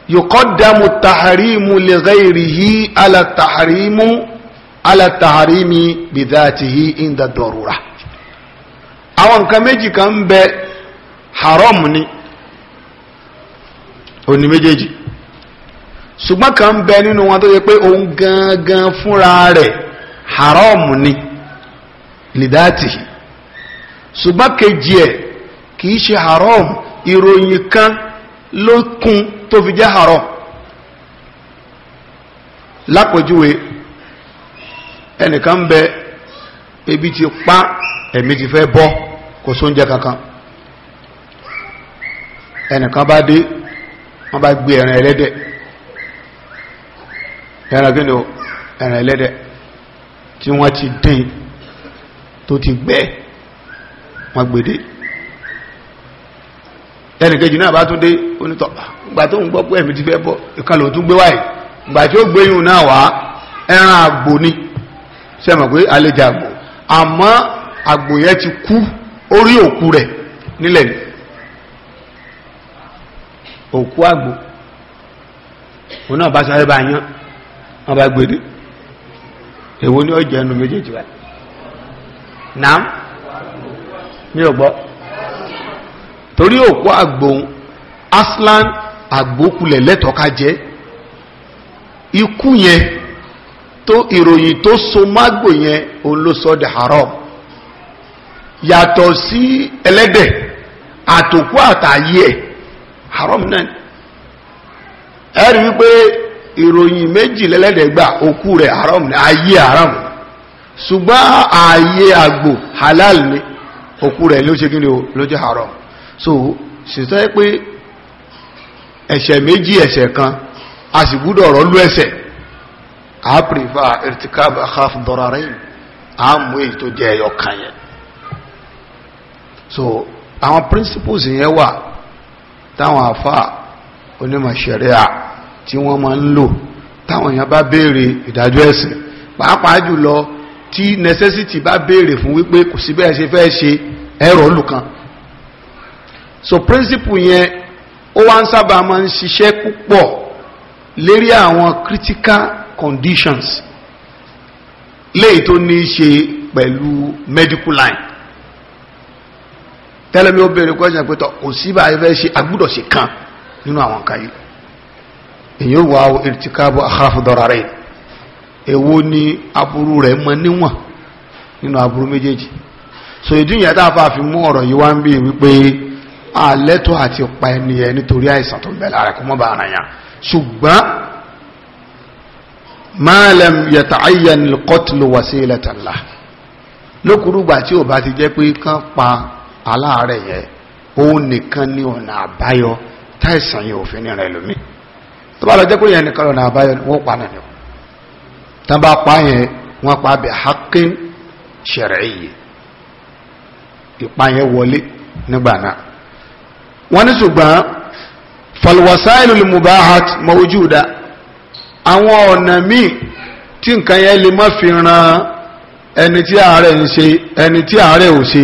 يقدم التحريم لغيره على التحريم على التحريم بذاته عند الضرورة àwọn nǹkan méjì kan bẹ haram ni òní méjèèjì ṣùgbọ́n kan bẹ nínú wọn tó yẹ pé òun gangan fúnra rẹ̀ haram ni lidati ṣùgbọ́n kejì ẹ̀ kìí ṣe haram ìròyìn kan ló kún tó fi jẹ́ haram lápòjúwe ẹnìkan bẹ ebi ti pa ẹ̀mí ti fẹ́ bọ́ kò sóúnjẹ kankan ẹnìkan bá dé wọ́n bá gbé ẹran ẹlẹ́dẹ̀ ẹran kí ni ẹlẹ́dẹ̀ wọ́n ti dín tó ti gbẹ́ wọ́n gbede ẹnìkejì náà bá tún dé onítọ̀ ìgbà tó ń gbọ́ pé ẹ̀mí ti fẹ́ bọ́ tún gbé wáyé òkú rẹ̀ nílẹ̀ òkú àgbò òun náà bá sáré bá yán bá gbèdé èwo ní ọjọ́ ẹnu méjèèjì wá náà ọgbọ́ torí òkú àgbò aslan àgbókulẹ̀ lẹ́tọ̀ọ́ ká ikú tó ìròyìn tó so mágbò yẹn òun yàtọ̀ sí ẹlẹ́dẹ̀ àtòkú ẹ̀ haram náà ẹ̀rí wípé ìròyìn méjì lẹ́lẹ́dẹ̀gbà òkú rẹ̀ haram ní ayé haram ṣùgbọ́n ayé àgbò halal ni òkú rẹ̀ ló ṣe kí ni ló jẹ́ haram so ṣètọ́ pé ẹ̀ṣẹ̀ méjì ẹ̀ṣẹ̀ kan a sì gbúdọ̀ ọ̀rọ̀ lú ẹ̀ṣẹ̀ a pèfà irtikab akhaf dararain a mú èyí tó jẹ́ ẹyọ kan yẹn so àwọn principles yẹn wà táwọn àfà onímọ̀ ṣẹ̀ríà tí wọ́n máa ń lò táwọn èèyàn bá béèrè ìdájọ́ ẹ̀sìn pàápàá jùlọ tí necessity bá béèrè fún wípé kò sí bẹ́ẹ̀ ṣe fẹ́ ṣe ẹ̀rọ olùkan so principle yẹn ó wá ń sábà máa ń ṣiṣẹ́ púpọ̀ lérí àwọn critical conditions léyìí tó ní í ṣe pẹ̀lú medical line tẹ́lẹ̀mí ó béèrè question pé tọ́ kò sí bá ẹfẹ́ ṣe agbúdọ̀ ṣe kan nínú àwọn nǹkan yìí èyí ó wà ó irtikabu akhafu dararain èwo ni aburú rẹ̀ mọ níwọ̀n nínú aburú méjèèjì so ìdíyàn tá a fà fi mú ọ̀rọ̀ yìí wá ń bí wípé alẹ́tọ̀ àti pa ẹni yẹn nítorí àìsàn tó ń bẹ lára kó mọ́ bá ara yàn ṣùgbọ́n ma lam yata'ayyan al-qatlu wasilatan lah lókùrúgbà tí ò bá ti jẹ́ pé kán pa aláàárẹ̀ yẹn òun nìkan ní ọ̀nà àbáyọ táìsàn yìí òfin ní rẹ̀ lómi tó bá lọ jẹ́ pé yẹn nìkan ọ̀nà àbáyọ wọ́n pa nàní o tán bá pa yẹn wọ́n pa bẹ̀ haqqin shar'iyyi ìpa yẹn wọlé nígbà náà wọ́n ní ṣùgbọ́n falwasailul mubahat mawjuda àwọn ọ̀nà míì tí nǹkan yẹn lè má fi ran ẹni tí àárẹ̀ ń ṣe ẹni tí àárẹ̀ ò ṣe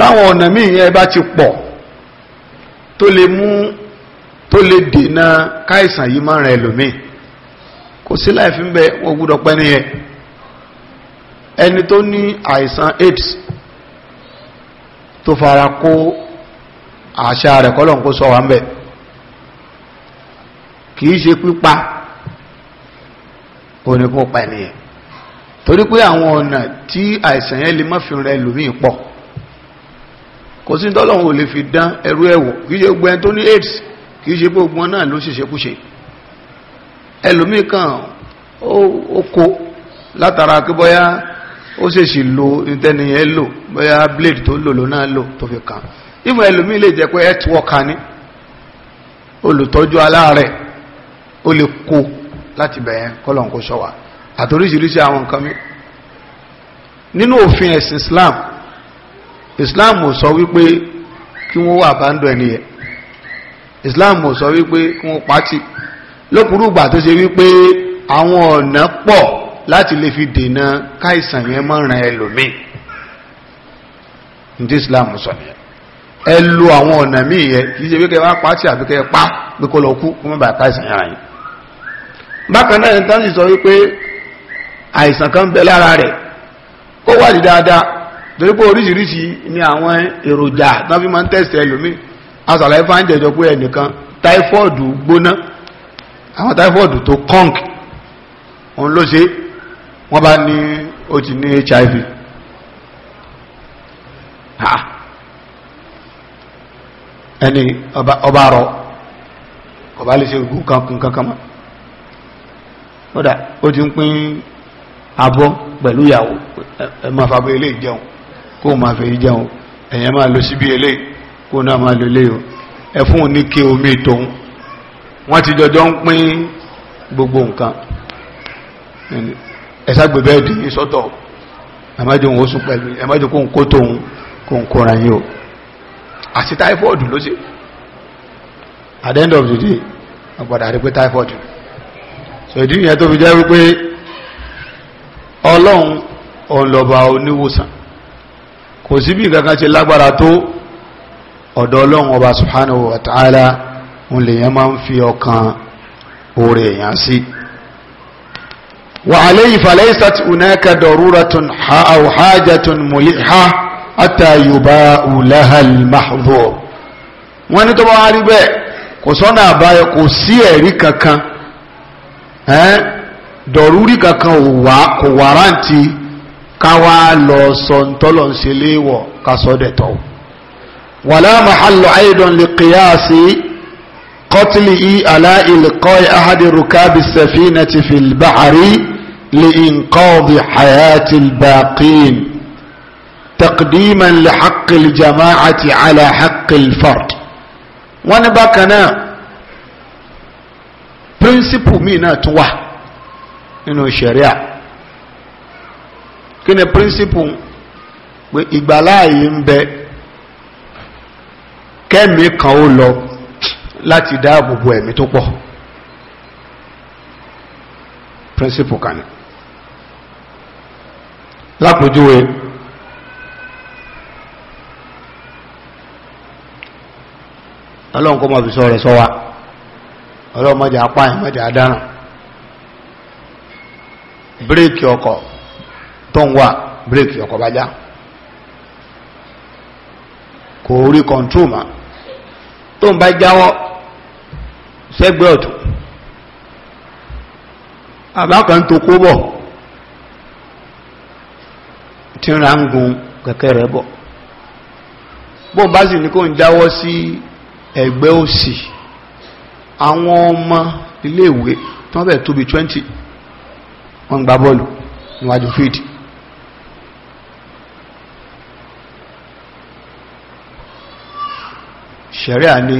táwọn ọ̀nà míì yẹn bá ti pọ̀ tó lè mú tó lè dènà káìsàn yìí máa ràn ẹlòmíì kò sí láìfí ń bẹ wọn gbúdọ̀ pẹ́ nìyẹn ẹni tó ní àìsàn AIDS tó fara kó àṣà rẹ̀ kọ́lọ̀ kó sọ wà ń bẹ̀ kìí ṣe pípa oníkún pa ènìyàn torí pé àwọn ọ̀nà tí àìsàn yẹn lè má fi rẹ pọ̀ kò sí tọ́lọ́run ò lè fi dán ẹrú ẹ̀wọ̀ kì í ṣe gbogbo ẹni tó ní aids kì í ṣe gbogbo wọn náà ló ṣèṣekúṣe ẹlòmíì kan ó kó látara pé bóyá ó ṣèṣì lo ìtẹnìyàn lò bóyá blade tó lò ló náà lò tó fi kàn ìmọ̀ ẹlòmíì lè jẹ́ pé health worker ni olùtọ́jú aláàrẹ̀ ó lè kó láti bẹ̀yẹn kọ́lọ̀ ṣọ́wà àtoríṣiríṣi àwọn nǹkan mi nínú òfin ẹ̀sìn Islam islam ò sọ wípé kí wọ́n wà bá ń dọ̀ ẹni yẹn islam ò sọ wípé kí wọ́n pàtì lókùrúgbà tó ṣe wípé àwọn ọ̀nà pọ̀ láti lè fi dènà káìsàn yẹn mọ́ràn ẹlòmíì ní islam sọ nìyẹn ẹ lo àwọn ọ̀nà míì yẹn kì í ṣe wípé wá pàtì àbí kẹ́ pa bí kò lọ kú kó má bàa káìsàn yàrá yẹn bákan náà ẹni tán sì sọ wípé àìsàn kan bẹ lára rẹ̀ ó wà ní dáadáa torí pé oríṣiríṣi ni àwọn èròjà tán fi máa ń tẹ̀sí ẹlòmí asàlàyé fáwọn jẹjọ pé ẹnìkan táífọ́ọ̀dù gbóná àwọn táífọ́ọ̀dù tó kọ́ǹk òun ló ṣe wọ́n bá ní ó ti ní hiv ẹni ọba rọ ọba lè ṣe ògùn kankan mọ́ kódà ó ti ń pín abọ́ pẹ̀lú ìyàwó ẹ máa ilé ìjẹun kó máa fẹ́ jẹun ẹ̀yẹn máa lọ síbi eléyìí kó náà máa lọ eléyìí ẹ fún un ní ké omi tóun wọ́n ti jọjọ́ ń pín gbogbo nǹkan ẹ̀sàgbè dì í sọ́tọ̀ ẹ̀májò at end of the day ọgbọ̀dà rí pé táífọ́ọ̀dù so ìdí ìyẹn tó fi jẹ́ wípé ọlọ́run ọlọ́ba oníwòsàn kò sí bí kankan ṣe lágbára tó ọ̀dọ̀ ọlọ́run ọba subhanahu wa ta'ala òun lèyàn máa ń fi ọkàn oore èèyàn sí wa alayhi falaysat hunaka daruratun aw hajatun muliha hatta yuba'u káwá lọ sọ ntọ́lọ̀ ń ṣe léèwọ̀ ká sọ dẹ̀ tọ́ wàlá mahallu aidan lè kíyàsí kọ́tìlì i àlá ìlẹ̀kọ́ ahadi rukabi safina ti fi bàárí lè nkọ́ọ̀dì hayati baqin taqdiman lè haqqil jama'ati ala haqqil fard wọ́n ní bákan náà píríncípù náà tún wà nínú ṣẹ̀ríà kí ni píríncípù pé ìgbàláàyè ń bẹ kẹ́mi kan ó lọ láti dáàbò bo ẹ̀mí tó pọ̀ píríncípù kan ni lápòjúwe ọlọ́run kó máa fi sọ rẹ̀ sọ wa ọlọ́run mọ́jà apáyàn mọ́jà adáràn bíréèkì ọkọ̀ tó ń wà bírèkì ọkọ̀ bá já kò rí kọ̀ǹtró mà tó ń bá jáwọ́ sẹ́gbẹ́ ọ̀tún àbákan tó kó bọ̀ tí ń ra ń gun kẹ̀kẹ́ rẹ̀ bọ̀ bó bá sì ní kó ń jáwọ́ sí ẹ̀gbẹ́ òsì àwọn ọmọ iléèwé tí wọ́n bẹ̀ tóbi 20 wọ́n ń bọ́ọ̀lù níwájú fídì ṣẹ̀ríà ni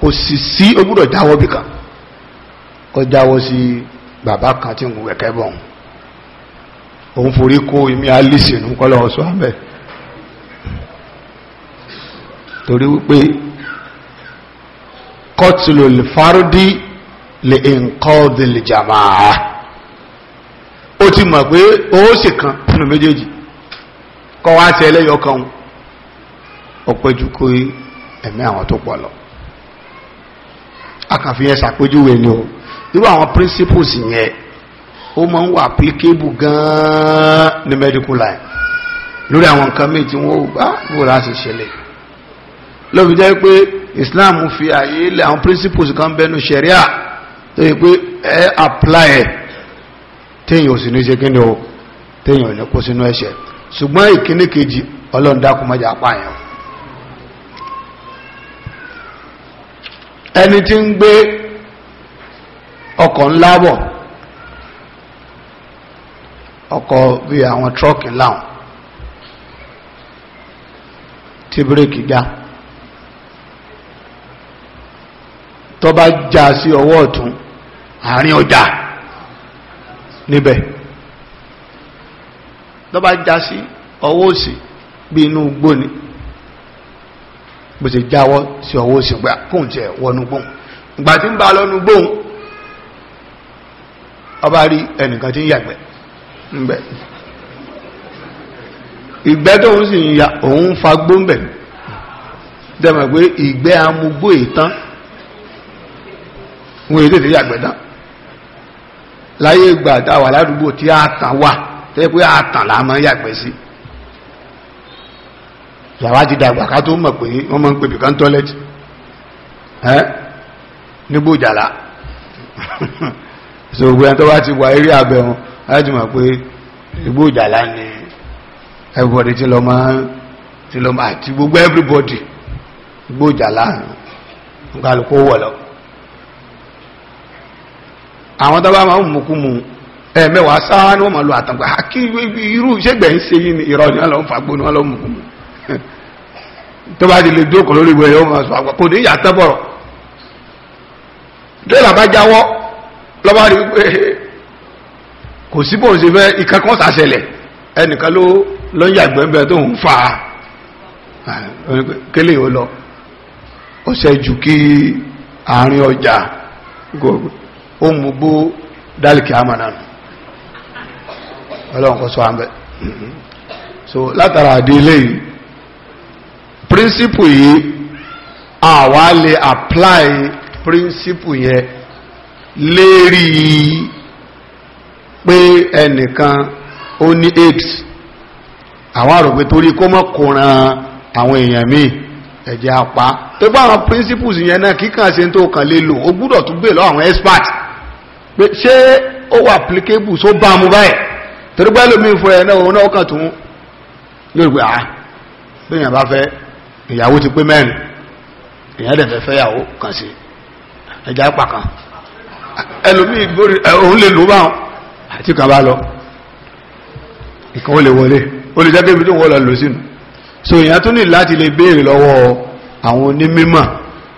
kò sì sí ó gbọ́dọ̀ jáwọ́ bí kan ó jáwọ́ sí bàbá kan tí ń wẹ̀kẹ́ bọ̀ òun forí kó ìmí alice nù kọ́lọ́ ọ̀ṣọ́ àmẹ́ torí wípé kọtùlù fárúdí lè nǹkan jàmáà ó ti mọ̀ pé ó sì kan nínú méjèèjì kọ́ wá sí ẹlẹ́yọ̀ kan kò ẹ̀mí àwọn tó pọ̀ lọ akàfihàn ṣàpèjúwe ni o irú àwọn principles yẹn ó máa ń wà applicable gan-an ní medical line lórí àwọn nǹkan míì tí wọ́n bá wò láti ṣẹlẹ̀ lóbi jẹ́ pé Islam fi àyè lé àwọn principles kan bẹnu Sharia, tó yẹ pé ẹ apply ẹ̀ téèyàn ò sì ní ṣe kí ni o téèyàn ò ní kó sínú ẹ̀ṣẹ̀ ṣùgbọ́n ìkíní kejì ọlọ́run dákun má apá yẹn o ẹni tí ń gbé ọkọ̀ ńlá bọ̀ ọkọ̀ bíi àwọn tírọ́ọ̀kì láwọn tí bírèkì já tó bá já sí ọwọ́ ọ̀tún àárín ọjà níbẹ̀ tó bá já sí ọwọ́ òsì bí inú gbóni bó ṣe jáwọ́ sí ọwọ́ òṣìgbà ah, kóhùn tiẹ̀ wọnú gbóhùn ìgbà tí ń bá lọ́nu gbóhùn ọba rí ẹnìkan tí ń yàgbẹ́ ńbẹ ìgbẹ́ tóun sì ń ya òun fa gbóńbẹ̀ dẹ́mọ̀ pé ìgbẹ́ amugbó ìtàn wọn èdè tí yàgbẹ́ dán láyé ìgbà táwà ládùúgbò tí àtàn wà tẹ́ pé àtàn làá máa yàgbẹ́ sí. Si yàwá ti dàgbà ká tó mọ̀ pé wọ́n mọ́ ń pè bìkan tọ́lẹ̀tì ẹ́ nígbò ìjàlá so gbogbo ẹni tó bá ti wà eré abẹ wọn láti mọ̀ pé igbó ìjàlá ni everybody ti lọ máa ti lọ máa àti gbogbo everybody igbó ìjàlá kálukú wọ̀ lọ àwọn tó bá máa ń mú kú mu ẹ̀ mẹ́wàá sáà ni wọ́n máa lo àtàgbà kí irú ṣẹ́gbẹ̀ ń ṣe yìí ni ìrọ̀ ni wọ́n lọ ń fagbó ni lọ mú mu tó bá ti lè jókòó lórí ìwé yóò máa sọ àgbà kò ní ìyàtọ̀ bọ̀rọ̀ dírẹ́là bá jáwọ́ lọ́ba rí pé kò sí bóun ṣe fẹ́ ìkan kan ṣàṣẹlẹ̀ ẹnìkan ló ló ń yàgbẹ́ bẹ́ẹ̀ tó ń fa kélé ò lọ ó ṣẹ́jú kí àárín ọjà ó mú gbó dálìkì amànánù ọlọ́run kò sọ àmbẹ́ so látara àdé eléyìí príncipù yìí àwa lè apply príncipù yẹn lérí pé ẹnìkan ó ní aids àwọn àrògbé torí kó mọ́ kòràn àwọn èèyàn míì ẹ̀jẹ̀ apá tó bá àwọn principles yẹn náà kíkàn ṣe tó kàn lè lò ó gbúdọ̀ tún gbé lọ àwọn experts pé ṣé ó wà applicable só bá mu báyìí torí pé ẹlòmíì fún ẹ náà òun náà kàn tún yóò gbé àá bí èèyàn bá fẹ́ ìyàwó ti pé mẹ́rin èyàn dẹ̀ fẹ́ fẹ́yàwó kan sí ẹja pàkan ẹlòmí ìgbórí òun lè lò bá wọn àti kan bá lọ ìkan ó lè wọlé ó lè jágbé ibi tó lò sínú so èyàn tún ní láti lè béèrè lọ́wọ́ àwọn onímímọ̀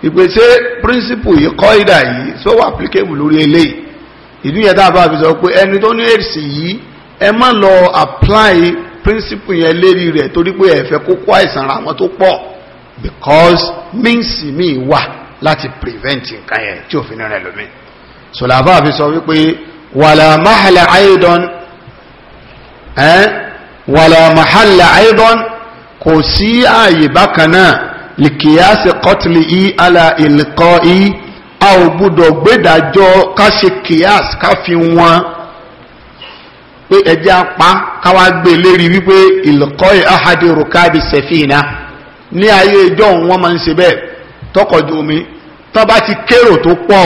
ìpè ṣé píríncípù yìí kọ́ ìdà yìí tó wà applicable lórí eléyìí ìdí yẹn tá a sọ pé ẹni tó ní aids yìí ẹ má lọ apply píríncípù yẹn lérí rẹ̀ torí pé ẹ fẹ́ kó kó àìsàn ra tó pọ̀ because means mi wà láti prevent nǹkan yẹn tí òfin rẹ̀ lómi sọ̀làbá fi sọ wípé wàlà mahala aidan ẹ́n wàlà mahala aidan kò sí ààyè bákan náà lìkìyàsí kọtìlì yìí ala ìlẹ̀kọ́ yìí a ò gbúdọ̀ gbẹ́dàjọ́ ká ṣe fi wọn pé ẹjẹ́ apá káwá gbé e lérí wípé ìlẹ̀kọ́ yìí ahadi rukabi sefina ní ayé ìjọ́un wọ́n máa ń ṣe bẹ́ẹ̀ tọkọ̀jú omi tán bá ti kérò tó pọ̀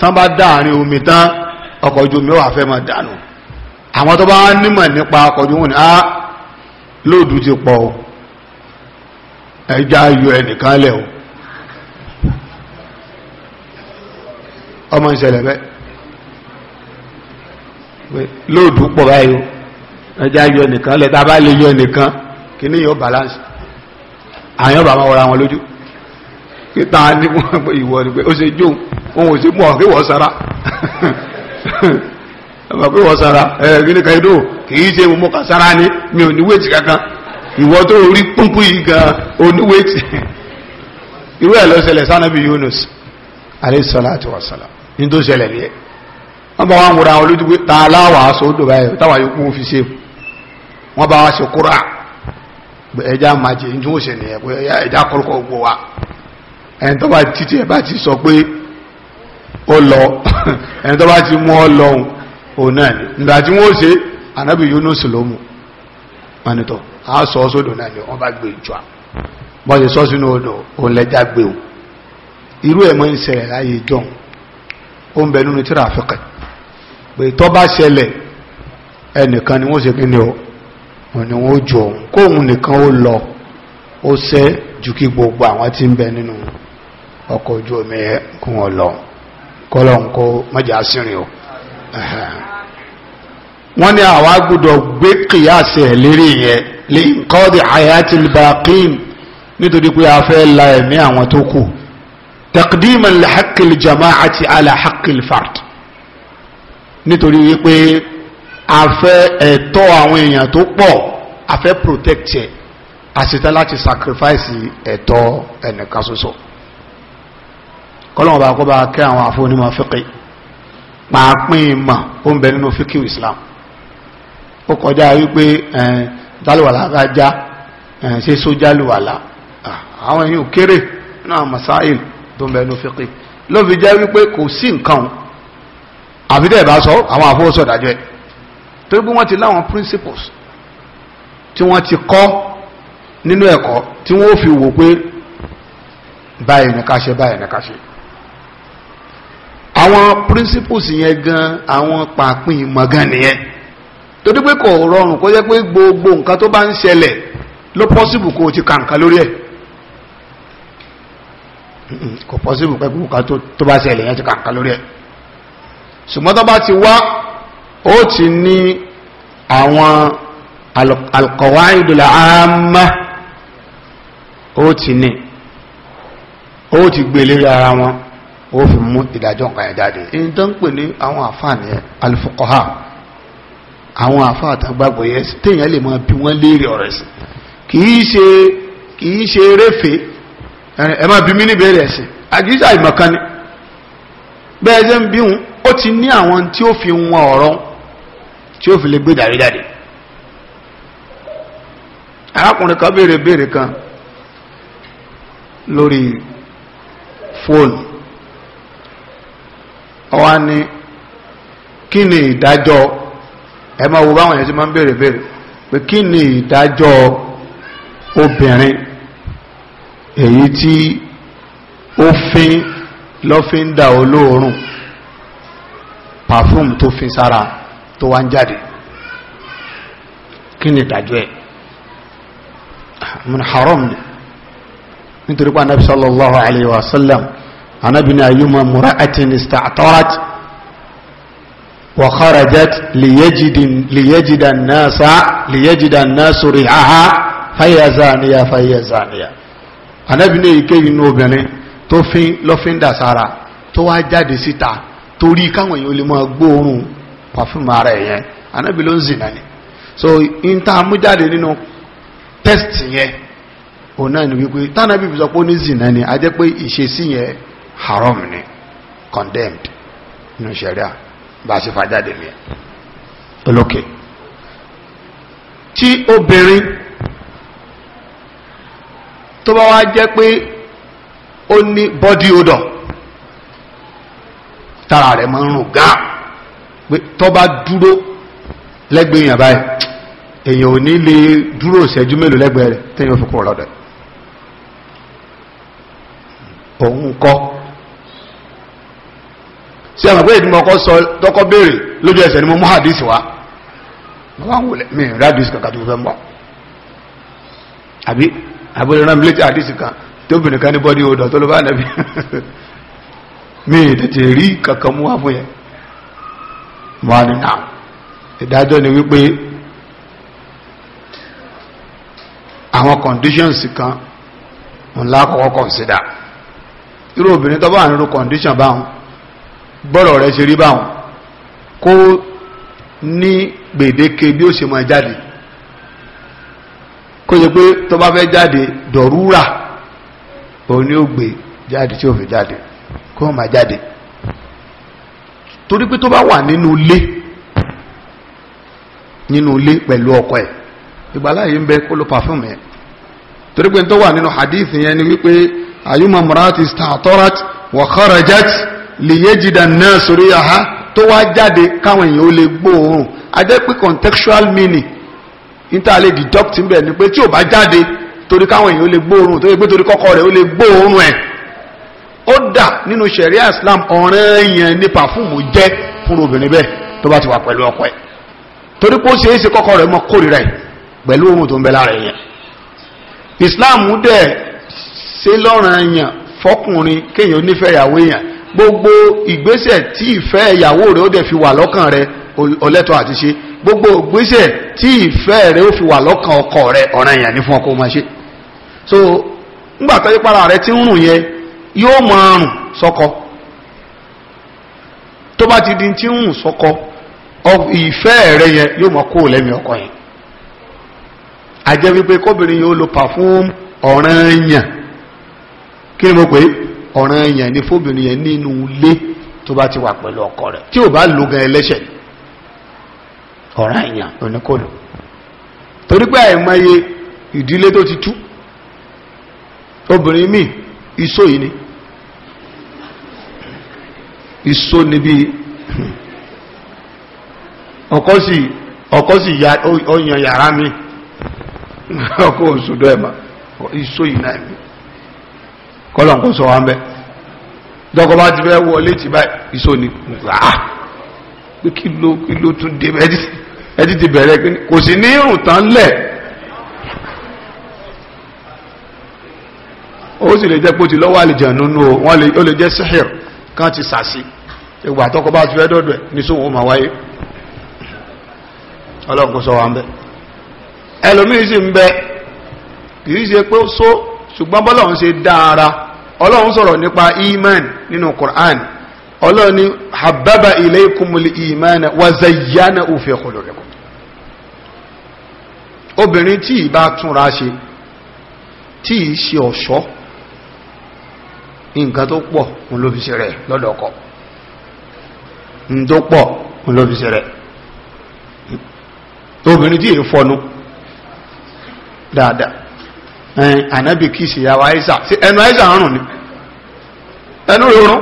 tán bá dáàrin omi tán ọkọ̀jú omi wà fẹ́ máa dànù àwọn tó bá nímọ̀ nípa ọkọ̀jú wọn ni á ah, lóòdù ti pọ̀ o ẹja ayò ẹnìkan lẹ̀ o ọmọ ìṣẹ̀lẹ̀ bẹ́ẹ̀ lóòdù pọ̀ báyìí o ẹja ayò ẹnìkan lẹ̀ tá a bá lè yọ ẹnìkan kí ní yóò balance àyàn bàbá wọra wọn lójú kíta ní ìwọ̀ ni pé ó ṣe jó ohun ò sí mú ọ̀rí wọ̀ sára ọmọ pé wọ̀ sára ẹ̀rẹ̀ eh, ní kẹ́ẹ̀dọ́ kìí ṣe mú mọ́ka sára ní mi ò ní wéètì kankan ìwọ tó rí púpù yìí gan oníwéètì irú ẹ̀ ló ṣẹlẹ̀ sánàbí Yunus alayhi salatu wassalam ní tó ṣẹlẹ̀ ní ẹ̀ wọ́n bá wọn wòra wọn lójú pé ta aláwàá sódò báyìí táwa yóò fi ṣe wọ́n bá wá ṣe kúrà ẹja màjẹ ní tí wọ́n ṣe ẹja kọ́lọ́kọ́ gbọ́ wa ẹni tó bá títí ẹba ti sọ pé ó lọ ẹni tó ti mú ọ lọ́hùn òun náà ni nígbà tí wọ́n ṣe manitọ a sọ ọ sódò náà ni wọ́n bá gbé ìjọ bọ́ọ̀dì sọ sínú odò òun lẹ́jà gbé o irú ń ṣẹlẹ̀ láyé ìjọ ó ń bẹ nínú tíra pé bá ṣẹlẹ̀ ẹnìkan ni wọ́n ṣe kí ni o òun ni wọ́n jọ kóun nìkan ó lọ ó sẹ́ ju kí gbogbo àwọn tí ń bẹ nínú ọkọ̀ ojú omi ẹ kún wọn lọ kọ́lọ̀ ń kó mọ́jà sínrin o wọ́n ní àwa gbọ́dọ̀ gbé kìyàsí ẹ̀ lérí yẹn lè nǹkan di hayati baqin nítorí pé a fẹ́ la ẹ̀mí àwọn tó kù taqdiman li haqqil jama'ati ala haqqil fard nítorí wípé afẹ́ ẹ̀tọ́ àwọn èèyàn tó pọ̀ afẹ́ protect ẹ̀ àṣetá láti sacrifice ẹ̀tọ́ ẹnìkan ṣoṣo kọ́lọ́mù bá kọ́ bá kẹ́ àwọn àfọwọ́nímọ̀ fíkì pàápín ìmọ̀ ó ń bẹ nínú fíkì Islam ó kọjá wípé dálùwàlà rájá ṣe sójá lùwàlà àwọn èèyàn ò kéré náà masáìl tó ń bẹ nínú fíkì ló fi jẹ́ wípé kò sí nǹkan àbídẹ́ ìbá sọ àwọn àfọwọ́sọ̀ dájọ́ ẹ̀ torí pé wọ́n ti láwọn principles tí wọ́n ti kọ́ nínú ẹ̀kọ́ tí wọ́n fi wò pé báyìí ní ká ṣe báyìí ní ká ṣe àwọn principles yẹn gan àwọn pàápín ìmọ̀ nìyẹn torí pé kò rọrùn kó jẹ́ pé gbogbo nǹkan tó bá ń ṣẹlẹ̀ ló possible kó o ti ka nǹkan lórí ẹ̀ kò possible pé gbogbo nǹkan tó bá ṣẹlẹ̀ yẹn ti ka nǹkan lórí ẹ̀ ṣùgbọ́n tó bá ti wá ó ti ní àwọn alqawaidul aama ó ti ní ó ti gbé lérí ara wọn ó fi mú ìdájọ́ nǹkan yẹn jáde èyí tó ń pè ní àwọn àfààní alifuqaha àwọn àfáà àtàgbàgbọ̀ yẹn téèyàn lè máa bí wọ́n léèrè ọ̀rọ̀ ẹ̀sìn kìí ṣe réfè ẹ bí mí níbẹ̀rẹ̀ ẹ̀sìn àgíṣà ìmọ̀kan ni bẹ́ẹ̀ ṣe ń bí wọn ó ti ní àwọn tí ó fi wọn ọ̀rọ̀ tí ó fi lè gbé dàrí jáde arákùnrin kan béèrè béèrè kan lórí fóònù ọwá ni kí ni ìdájọ́ ẹ máa báwọn èèyàn máa ń béèrè béèrè pé kí ni ìdájọ́ obìnrin èyí tí ó fín lọ́fíńdà olóòórùn pàfúm tó fi sára tó wá ń jáde kí ni ìdájọ́ ẹ̀ mun haram ni nítorí pé anabi sallallahu alayhi wa sallam anabi ni ayyuma mura'atin ista'tarat wa kharajat liyajida nasa liyajida nasu ri'aha fayya zaniya fayya zaniya anabi ni èyíkéyìí inú obìnrin tó fi lọ́fíńdà sára tó wá jáde síta torí káwọn èèyàn lè máa gbóòórùn perfume ara ẹ̀ yẹn anábì ló ń zìnà ni so n ta mú jáde nínú test yẹn òun náà ni wípé tánàbì fi sọ pé ó ní zìnà ni a jẹ́ pé ìṣesí yẹn haram ni condemned nínú sẹ̀ríà bá a ṣe fa jáde nìyẹn olókè tí obìnrin tó bá wá jẹ́ pé ó ní body odor tára rẹ̀ máa ń rùn pé tó bá dúró lẹ́gbẹ̀ẹ́ èèyàn báyìí èèyàn ò ní lè dúró ìṣẹ́jú mélòó lẹ́gbẹ̀ẹ́ rẹ̀ téèyàn fi kúrò lọ́dọ̀ òun kọ́ sí àwọn àgbẹ̀yẹ̀ tí mo kọ́ sọ tọ́kọ́ béèrè lójú ẹsẹ̀ ni mo mú hadith wá wọ́n wá wọlé mi rí hadith kankan tó fẹ́ mọ́ àbí àbúrò rán mi létí hadith kan tó bìnrin kan ní bọ́dí odò tó ló bá nàbí mi tètè rí kankan mú wá fún yẹn wọ́n ní náà ìdájọ́ ni wípé àwọn conditions kan ńlá kọ́kọ́ consider irú obìnrin tó bá ń ro condition báwọn bọ́rọ̀ rẹ̀ ṣe rí báwọn kó ní gbèdéke bí ó ṣe máa jáde kó jẹ pé tó bá fẹ́ jáde dọ̀rúrà òun ni ó gbé jáde tí ó fi jáde kó máa jáde torí pé tó bá wà nínú ilé nínú ilé pẹ̀lú ọkọ ẹ̀ ìgbàláyé ń bẹ kó ló pàfún mẹ́ torí pé tó wà nínú hadith yẹn ni wípé ayuma murati statorat wa kharajat liyejida náà sórí aha tó wá jáde káwọn èèyàn ó lè gbóòórùn a jẹ́ pé contextual meaning níta lè deduct ń ni pé tí ò bá jáde torí káwọn èèyàn ó lè gbóòórùn torí pé torí kọ́kọ́ rẹ̀ ó lè gbóòórùn ẹ̀ ó dà nínú sẹ̀ríà Islam ọ̀ràn yẹn ní pàfúùmù jẹ́ fún obìnrin bẹ́ẹ̀ tó bá ti wà pẹ̀lú ọkọ ẹ̀ torí pé ó ṣe é ṣe kọ́kọ́ rẹ̀ mọ́ kórìíra ẹ̀ pẹ̀lú ohun tó ń bẹ lára ẹ̀ yẹn Islam dẹ̀ ṣe lọ́ràn yẹn fọkùnrin kéèyàn onífẹ́ ìyàwó èèyàn gbogbo ìgbésẹ̀ tí ìfẹ́ ìyàwó rẹ̀ ó dẹ̀ fi wà lọ́kàn rẹ̀ ọlẹ́tọ̀ àti ṣe gbogbo ìgbésẹ̀ tí ìfẹ́ rẹ̀ ó fi wà lọ́kàn ọkọ rẹ̀ ọ̀ràn yẹn ní fún ọkọ máa ṣe so ńgbà tó yípa ara rẹ̀ ti ń rùn yẹn yóò mọ àrùn sọkọ tó bá ti di tí ń hùn sọkọ ìfẹ́ rẹ yẹn yóò mọ kó lẹ́mìí ọkọ yẹn àjẹ́ wípé kóbìnrin yóò lo pàfúm ọ̀ràn yàn kí ni mo pè ọ̀ràn yàn ni fóbìnrin yẹn nínú ilé tó bá ti wà pẹ̀lú ọkọ rẹ̀ tí ò bá lo gan ẹlẹ́ṣẹ̀ ọ̀ràn yàn ló torí pé àìmọye ìdílé tó ti tú obìnrin míì iṣó yìí ni ìsó níbi ọkọ sì ọkọ sì ya ọyàn yàrá mi ọkọ òṣòdó ẹ̀mà ìsó yìí náà mi kọ́lọ̀ nǹkan sọ wá ń bẹ́ dọ́kọ̀ bá ti fẹ́ wọlé tì bá ìsó ni ràá ah! pé kí ló kí ló tún dé ẹtí ti bẹ̀rẹ̀ pé kò sí ní irun tán lẹ̀ ó sì lè jẹ́ pé ó ti lọ́wọ́ àlejò nínú o wọ́n lè jẹ́ sẹ́hìr kan ti sàṣì ìgbà àtọ́kọ bá ti fẹ́ dọ́dọ̀ ẹ̀ ní sóhun ó máa wáyé ọlọ́run kò sọ wa ń bẹ ẹlòmíì sì ń bẹ kìí ṣe pé ó só ṣùgbọ́n bọ́lọ́run ṣe dára ọlọ́run sọ̀rọ̀ nípa iman nínú Qur'an ọlọ́run ni hababa ilaykumul iman wa zayyana fi qulubikum obìnrin tí ì bá túnra ṣe tí ì ṣe ọ̀ṣọ́ nǹkan tó pọ̀ òun ń tó pọ̀ ń ló fi ṣẹlẹ̀ obìnrin tí èé fọnu dáadáa ẹn ànábì kì í yàwó àìsà sí ẹnu àìsà ọrùn ni ẹnu rọrùn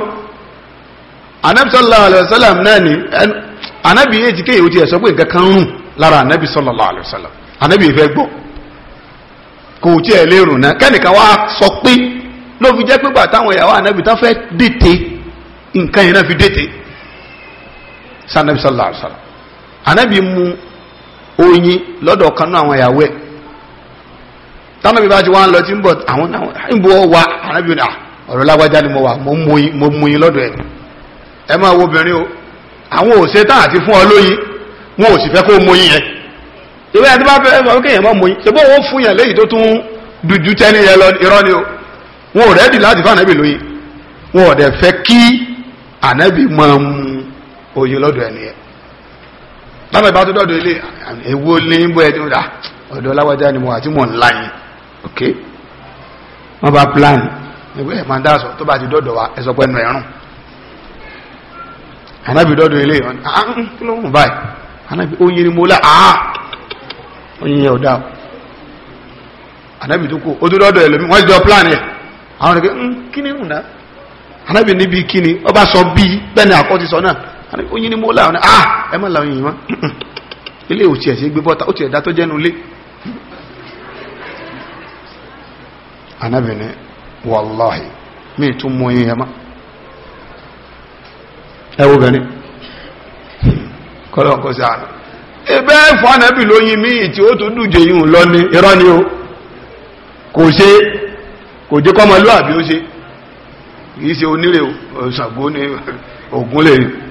ànábì sallallahu alaihi wasallam náà ni ànábì yéé ti kéye o ti ẹ̀ sọ pé nǹkan kan rùn lára ànábì sallallahu alaihi wasallam ànábì ìfẹ́ gbọ́ kò tí ẹ̀ lérò náà kẹ́nìkan wá sọ pé ló fi jẹ́ pé gbà táwọn ìyàwó ànábì tán fẹ́ dètè nǹkan yẹn náà fi dètè sanabi sallallahu alaihi wa sallam anabi mu oyin lọ́dọ̀ kan náà àwọn ìyàwó ẹ̀ tánabi bá ti wá ń lọ tí ń bọ̀ àwọn náà ń bọ̀ wá anabi ní à ọ̀rọ̀ lágbájá ni mo wà mo mú yín lọ́dọ̀ ẹ̀ ẹ máa wo obìnrin o àwọn ò ṣe tán àti fún ọ lóyin wọn ò sì fẹ́ kó mú yín yẹn ìwé àti bá fẹ́ fẹ́ kéèyàn máa mú yín ṣe bó fún yàn léyìí tó tún dùjú tẹ́ni yẹn lọ irọ́ ni o wọn ò rẹ́dì láti fún anabi lóyin wọn ò dẹ̀ fẹ́ kí anabi máa mú oyè lọ́dọ̀ ẹni yẹn lábẹ́ ìbá tó dọ́dọ̀ ilé ewu lé ń bọ́ ẹni rà ọ̀dọ̀ láwájá ni mo àti mò ń la yín ok wọ́n bá plan ìwé ẹ̀ máa ń dáàsọ tó bá ti dọ́dọ̀ wa ẹ sọ pé ẹnu ẹ̀rùn anábì dọ́dọ̀ ilé wọn à ń kí ló ń báyìí anábì oyin ni mo lá àá oyin yẹn ò dáa anábì tó kú ó tó dọ́dọ̀ ẹ̀ lómi wọ́n ti dọ́ plan ẹ̀ àwọn ọ̀dọ́ mm, kí ni ń ná anábì níbi kí ni ọba sọ bíi bẹ́ẹ̀ ni àkọ́ ti sọ náà onye ni mo la ni ah e ma la oyin mo ile o ti e se gbe bota o ti da to je nu ile anabene wallahi mi tun mo yin e ma e wo gani kọlọ ko sa e be fo na bi lo yin mi ti o tun duje yun lo ni iro ni o ko se ko je ko mo lu abi o se yi se onire o osago ni ogun le ni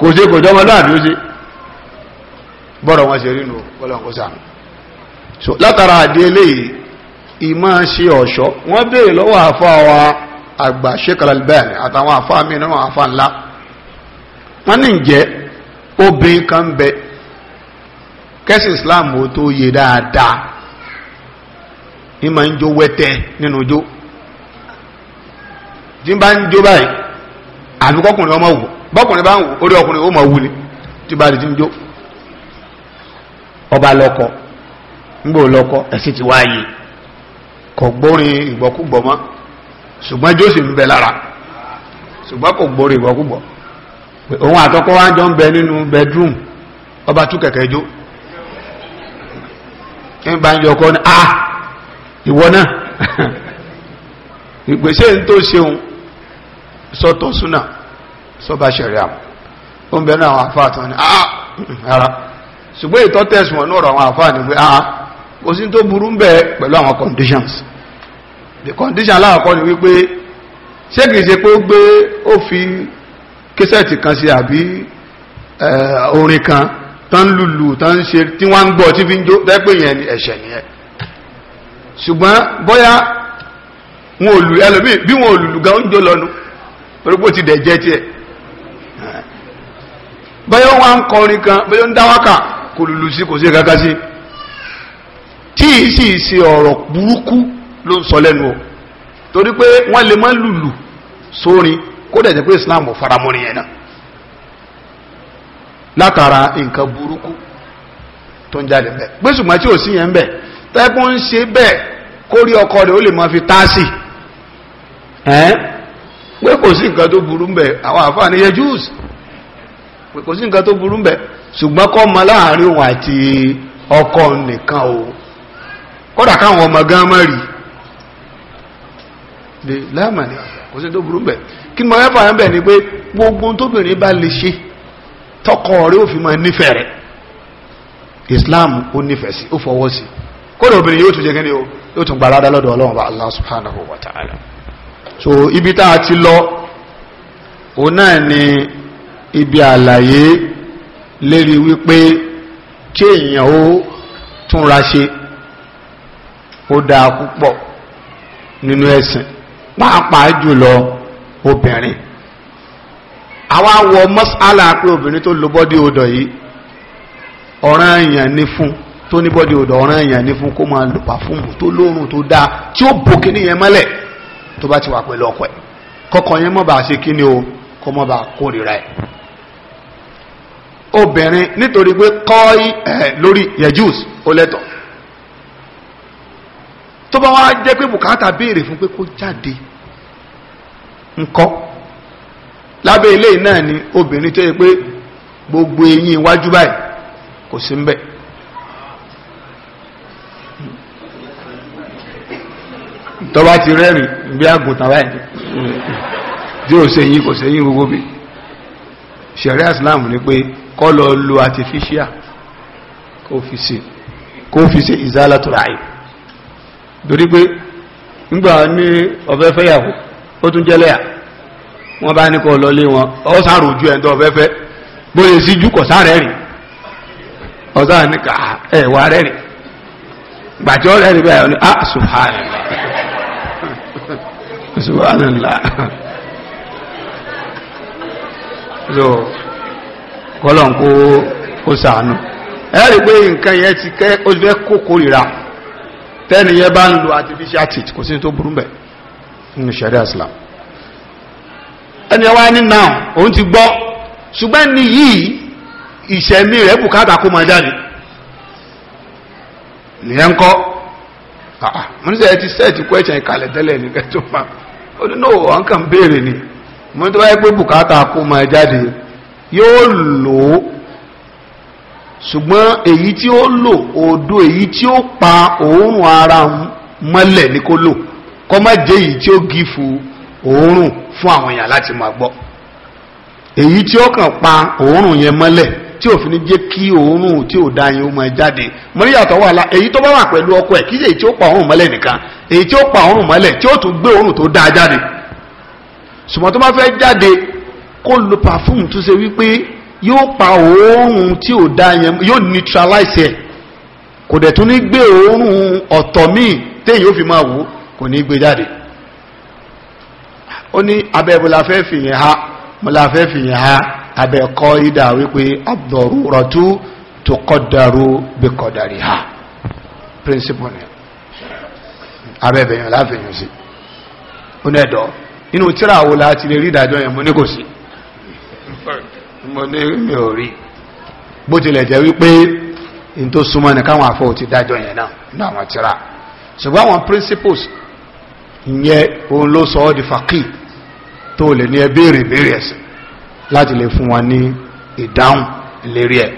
kò ṣe kò jọmọ láàbí ó ṣe bọ́rọ̀ wọn ṣe rínú ọlọ́nkọ́sà so látara àdé eléyìí ìmọ̀ ṣe ọ̀ṣọ́ wọ́n béèrè lọ́wọ́ àfa wa àgbà Sheikh Al-Albani àtàwọn àfa mi náà àfa ńlá wọ́n ní ǹjẹ́ obìnrin kan bẹ kẹ́sì Islam ó tó yẹ dáadáa ní máa ń jó wẹ́tẹ́ nínú jó tí n bá ń jó báyìí àbíkọ́kùnrin ọmọ wò bọ́kùnrin bá ń wò orí ọkùnrin ni tí bá rí tí ń jó ọba lọ́kọ ńgbò lọ́kọ ẹ̀sìn ti wáyé kò gbórin ìgbọ́kúgbọ́ mọ́ ṣùgbọ́n jó sì ń bẹ lára ṣùgbọ́n kò gbórin ìgbọ́kúgbọ́ òun àtọ́kọ́ wá jọ ń bẹ nínú bedroom ọba sọ́bà ṣẹ̀ríà ó ń bẹ náà àwọn àfáà tán ni ah ara ah, ṣùgbọ́n ìtọ́ tẹ̀sùn wọn lọ́rọ̀ àwọn àfáà ni pé ah, ah kò sí tó burú ń bẹ pẹ̀lú àwọn conditions the condition aláàkọ́ ni wípé ṣé kìí ṣe pé ó gbé ó fi késẹ̀tì kan sí àbí eh, orin kan tán lùlù tán ń ṣe tí wọ́n ń gbọ́ tí fi ń jó tẹ́pẹ́ yẹn ni ẹ̀ṣẹ̀ nìyẹn ṣùgbọ́n bóyá wọn ò lù ẹlòmíì bí wọn ò lùlù gan ń lọ́nu orúkọ ti dẹ̀ jẹ́ tiẹ̀ bẹ́ẹ̀ wọ́n ń kọrin kan bẹ́ẹ̀ ń dáwákà kò lùlù sí kò sí kankan sí tí ì sì ṣe ọ̀rọ̀ burúkú ló ń sọ lẹ́nu o torí pé wọ́n lè má lùlù sórin kó dẹ̀ jẹ́ pé Islam faramọ́rin yẹn látara nǹkan burúkú tó ń jáde bẹ́ẹ̀ gbésùmọ́ tí ò sí yẹn ọkọ rẹ̀ ó lè fi táàsì ẹ́n pé kò sí nǹkan tó burú ń bẹ̀ àwọn àfáà pé kò sí nǹkan tó burú bẹ̀ ṣùgbọ́n kọ́ ọmọ láàrin òun àti ọkọ nìkan o kódà káwọn ọmọ gan mọ́ rí lè láàmàlẹ́ kò sí tó burú bẹ̀ kí mo fẹ́ fàyàn bẹ̀ ni pé gbogbo tóbìnrin bá lè ṣe tọkọ rẹ ò fi nífẹ̀ẹ́ rẹ̀ Islam ó nífẹ̀ẹ́ sí ó fọwọ́ sí kódà obìnrin yóò tún jẹ́ kẹ́ni o yóò tún gbàládá lọ́dọ̀ ọlọ́run bá Allah subhanahu wa ta'ala so ibi tá a ti lọ òun náà ni ibi àlàyé lérí wípé kí èèyàn ó túnra ṣe ó dáa púpọ̀ nínú ẹ̀sìn pàápàá jùlọ obìnrin àwa wọ mọ́sálà pé obìnrin tó lo bọ́dí odò yìí ọ̀ràn èèyàn ní fún tó ní bọ́dí odò ọ̀ràn èèyàn ní fún kó máa lò pàfúùmù tó lóorùn tó dáa tí ó bò kíní yẹn mọ́lẹ̀ tó bá ti wà pẹ̀lú ọkọ ẹ̀ kọkọ yẹn mọ́ bá ṣe kíní o kọ́ mọ́ bá kórìíra ẹ̀. obìnrin nítorí pé kọ́ọ̀ì ẹ̀ lórí yejus ó lẹ́tọ̀ tó bá wá jẹ́ pé bùkátà béèrè fún pé kó jáde nkọ lábẹ́ ilé náà ni obìnrin tó yẹ pé gbogbo eyín báyìí kò sí ń bẹ̀ ti rẹ́rìn bí àgùntàn báyìí ò kò gbogbo kọlọ lo artificial kó fi pé nígbà ní ọ̀fẹ́ fẹ́yàwó ó tún jẹ́ lẹ́yà wọ́n bá ní wọn ọ́ ojú ẹ̀ ọ̀fẹ́ fẹ́ bóyá sí kọ̀ rìn ọ̀sá ní ká ẹ̀wà rẹ̀ rìn gbàjọ́ a kọ́lọ̀n kó kó sàánú ẹ̀rí pé nǹkan yẹn ti kẹ́ ó fẹ́ kó kórìíra tẹ́ni yẹn bá ń lo artificial teeth kò sí tó burú bẹ̀ nínú sharia islam ẹni ẹ wá ní now òun ti gbọ́ ṣùgbọ́n ní yìí ìṣẹ̀mí rẹ̀ bùkátà kó máa jáde nìyẹn ń kọ́ mọ́nísẹ̀ ẹ ti sẹ́ẹ̀tì question ìkàlẹ̀ tẹ́lẹ̀ nìkan tó máa ó ní náà ọ̀hún kàn béèrè ni mọ́nísẹ̀ wáyé pé bùkátà kó máa jáde yóò lò ó ṣùgbọ́n èyí tí ó lò òdo èyí tí ó pa òórùn ara mọ́lẹ̀ ní kó lò kọ́ má jẹ́ èyí tí ó gífù òórùn fún àwọn èèyàn láti máa gbọ́ èyí tí ó kàn pa òórùn yẹn mọ́lẹ̀ tí òfin jẹ́ kí òórùn tí ò da yẹn ó máa jáde mọ́rí yàtọ̀ wà lá èyí tó bá wà pẹ̀lú ọkọ ẹ̀ kí èyí tí ó pa òórùn mọ́lẹ̀ nìkan èyí tí ó pa òórùn mọ́lẹ̀ tí ó tún gbé òórùn tó dáa jáde ṣùgbọ́n tó bá fẹ́ jáde kó lo perfume tó ṣe wípé yóò pa òórùn tí ò da yẹn yóò neutralize ẹ̀ kò dẹ̀ tún ní gbé òórùn ọ̀tọ̀ míì téèyàn ó fi máa wò kò ní gbé jáde ó ní abẹ́ mo la fẹ́ fìyẹn ha mo la fẹ́ fìyẹn ha abẹ́ kọ́ ìdá wípé ad-daruratu tuqaddaru biqadariha principle ni abẹ́ bẹ̀yàn láfẹ̀yàn sí ó ní ẹ̀dọ́ inú tíra wo ti lè rí ìdájọ́ yẹn mo ní kò sí mo ní mi ò rí bó tilẹ̀ jẹ́ wípé in tó súnmọ́ ní káwọn afọ́ ti dájọ́ yẹn náà ní àwọn tíra ṣùgbọ́n àwọn principles ìyẹn òun ló sọ ọ́ di fàkì tó lè ní ẹbéèrè béèrè ẹ̀sìn láti lè fún wọn ní ìdáhùn lérí ẹ̀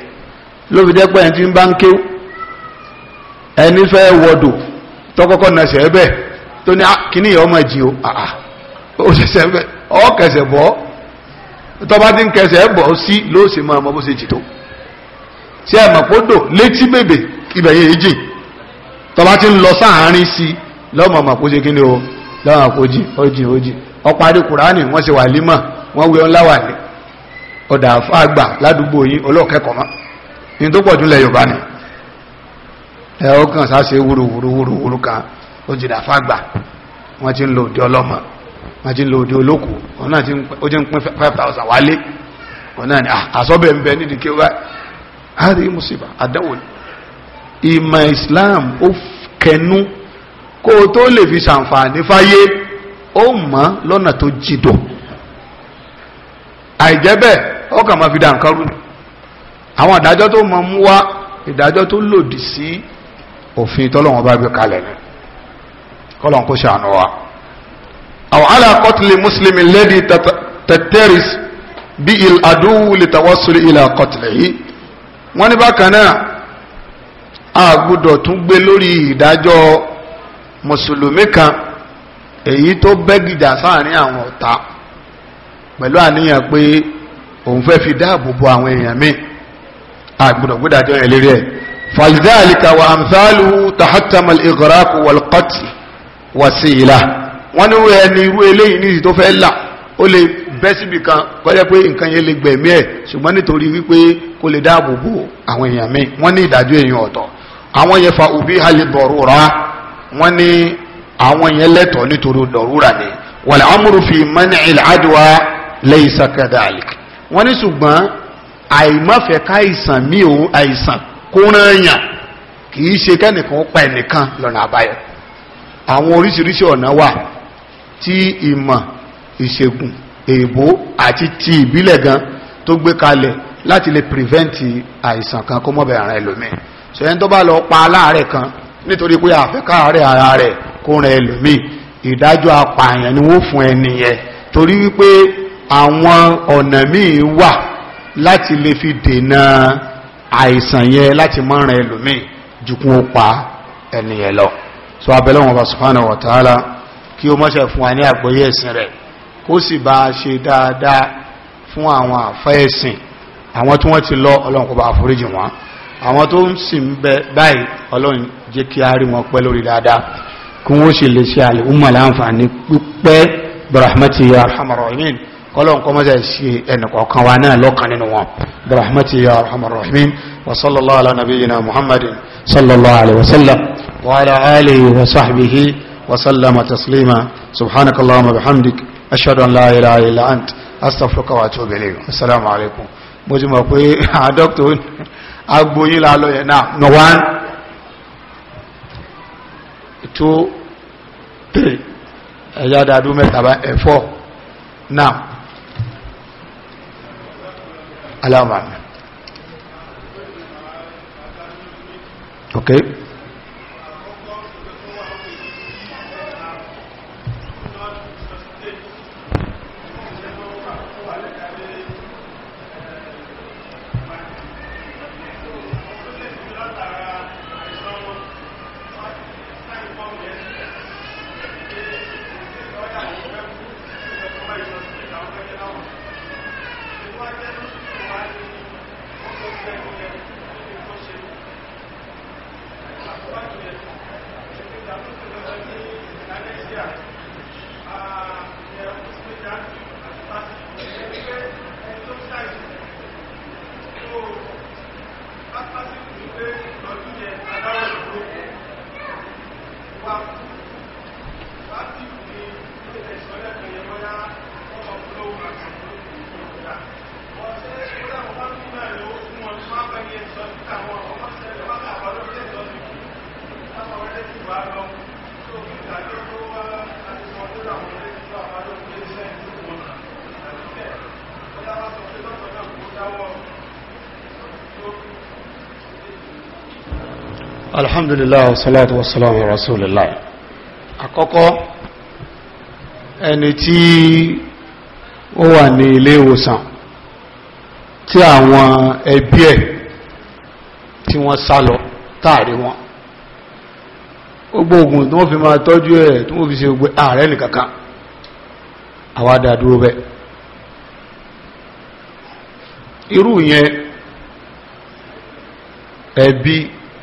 ló fi jẹ́ pé ẹni tí ń bá tọba ti ń kẹsẹ̀ ẹ̀ bọ̀ sí ló sì máa mọ bó ṣe jìtó tí ẹ̀ mọ̀ kó dò létí bèbè ibẹ̀ yẹn jìn tọba ti ń lọ sáàárín sí lọ́mọ mọ̀ kó ṣe kí ni o lọ́mọ kó jìn ó jìn ó jìn ọ̀pá adé kùránì wọ́n ṣe wà límọ̀ wọ́n wé ńlá wà ní ọ̀dà àfáàgbà ládùúgbò yín olóòkẹ́kọ̀ọ́ mọ́ ní tó pọ̀ jùlẹ̀ Yorùbá ni ẹ̀ ó sáà ṣe wúruwúruwúruwúru kan ó jìdà àfáàgbà wọ́n ti ń lo òde ọlọ́mọ májí lò òde olóko ọ̀nà tí ó jẹ́ ń pín 5,000 wálé ọ̀nà ni ah, àsọ́bẹ̀ ń bẹ nídìí kí ó Islam ó kẹnu kó tó lè fi ṣàǹfààní fáyé ó ma lọ́nà tó jìdọ̀ àìjẹ́bẹ̀ ó máa fi dá àwọn ìdájọ́ tó mú wá ìdájọ́ lòdì sí òfin tọ́lọ́wọ́n bá gbé kalẹ̀ ni kó ṣàánú أو على قتل مسلم الذي تترس به العدو للتوصل إلى قتله wọ́n ní bákan náà a gbọ́dọ̀ tún gbé lórí ìdájọ́ mùsùlùmí kan èyí tó bẹ́gìjà sáàrin àwọn ọ̀tá pẹ̀lú àníyàn pé òun fẹ́ fi dáàbò àwọn èèyàn míì a gbọ́dọ̀ gbọ́dájọ́ yẹn lérí ẹ̀ فلذلك وأمثاله تحتم الإغراق والقتل وسيلة wọ́n ní ni irú eléyìí ní ìsìn tó fẹ́ là ó lè bẹ́ síbi kan kọ́jẹ́ pé nǹkan yẹn lè gbẹ̀mí ẹ̀ ṣùgbọ́n nítorí wípé kó lè dáàbò àwọn èèyàn míì wọ́n ní ìdájọ́ èèyàn ọ̀tọ̀ àwọn yẹn fa òbí halẹ̀ dọ̀rúra wọ́n ní àwọn yẹn lẹ́tọ̀ọ́ nítorí dọ̀rúra ni amúrú fi mẹ́ni ìlàdùá lẹ́yìn sakadàlì wọ́n ní ṣùgbọ́n àìmọ́fẹ́ káìsàn mí tí ìmọ̀ ìṣègùn èèbó àti ti ìbílẹ̀ gan tó gbé kalẹ̀ láti lè prevent àìsàn kan kó mọ́bẹ̀ ara ẹlòmíì sọyẹn tó bá lọ pa aláàárẹ̀ kan nítorí pé àfẹ́ká àárẹ̀ ara rẹ̀ kó rẹ̀ ẹlòmíì ìdájọ́ apààyàn ni wọ́n fún ẹni yẹn torí wípé àwọn ọ̀nà míì wà láti lè fi dènà àìsàn yẹn láti mọ́ rẹ̀ ẹlòmíì jùkún ó pa ẹni yẹn lọ so abẹ́lẹ́wọ̀n bá subhanahu wa kí ó mọ́ṣẹ̀ fún wa ní àgbọ́yé ẹ̀sìn rẹ̀ kó sì bá a ṣe dáadáa fún àwọn àfẹ́ ẹ̀sìn àwọn tí wọ́n ti lọ ọlọ́run kó bá àforíjì wọn àwọn tó ń sì ń bẹ báyìí ọlọ́run jẹ́ kí a rí wọn pẹ́ lórí dáadáa kí wọ́n sì lè ṣe àlè umar láǹfààní pípẹ́ brahmati ya arhamar rahimin ṣe ẹnìkọ̀ọ̀kan wa náà lọ́kàn nínú wọn rahmatu ya wa sallallahu ala nabiyyina muhammadin wa ala alihi wa sahbihi وسلم تسليما سبحانك اللهم وبحمدك أشهد أن لا إله إلا أنت أستغفرك وأتوب إليك السلام عليكم mojúmọ̀ pé àádọ́kùtò agbóyí lálọ́ yẹ̀ náà no one two three ẹ̀yà dàdú mẹ́ta bá ẹ̀fọ́ náà aláàmà ok alhamdulillah wasalatu wasalamu rasulillah àkọ́kọ́ ẹni tí ó wà ní ilé ìwòsàn tí àwọn ẹbí ẹ̀ tí wọ́n sá lọ táàrí wọn gbogbo ogun tí wọ́n fi máa tọ́jú ẹ̀ tí wọ́n fi ṣe gbogbo ààrẹ nìkankan àwa dúró bẹ́ẹ̀ irú yẹn ẹbí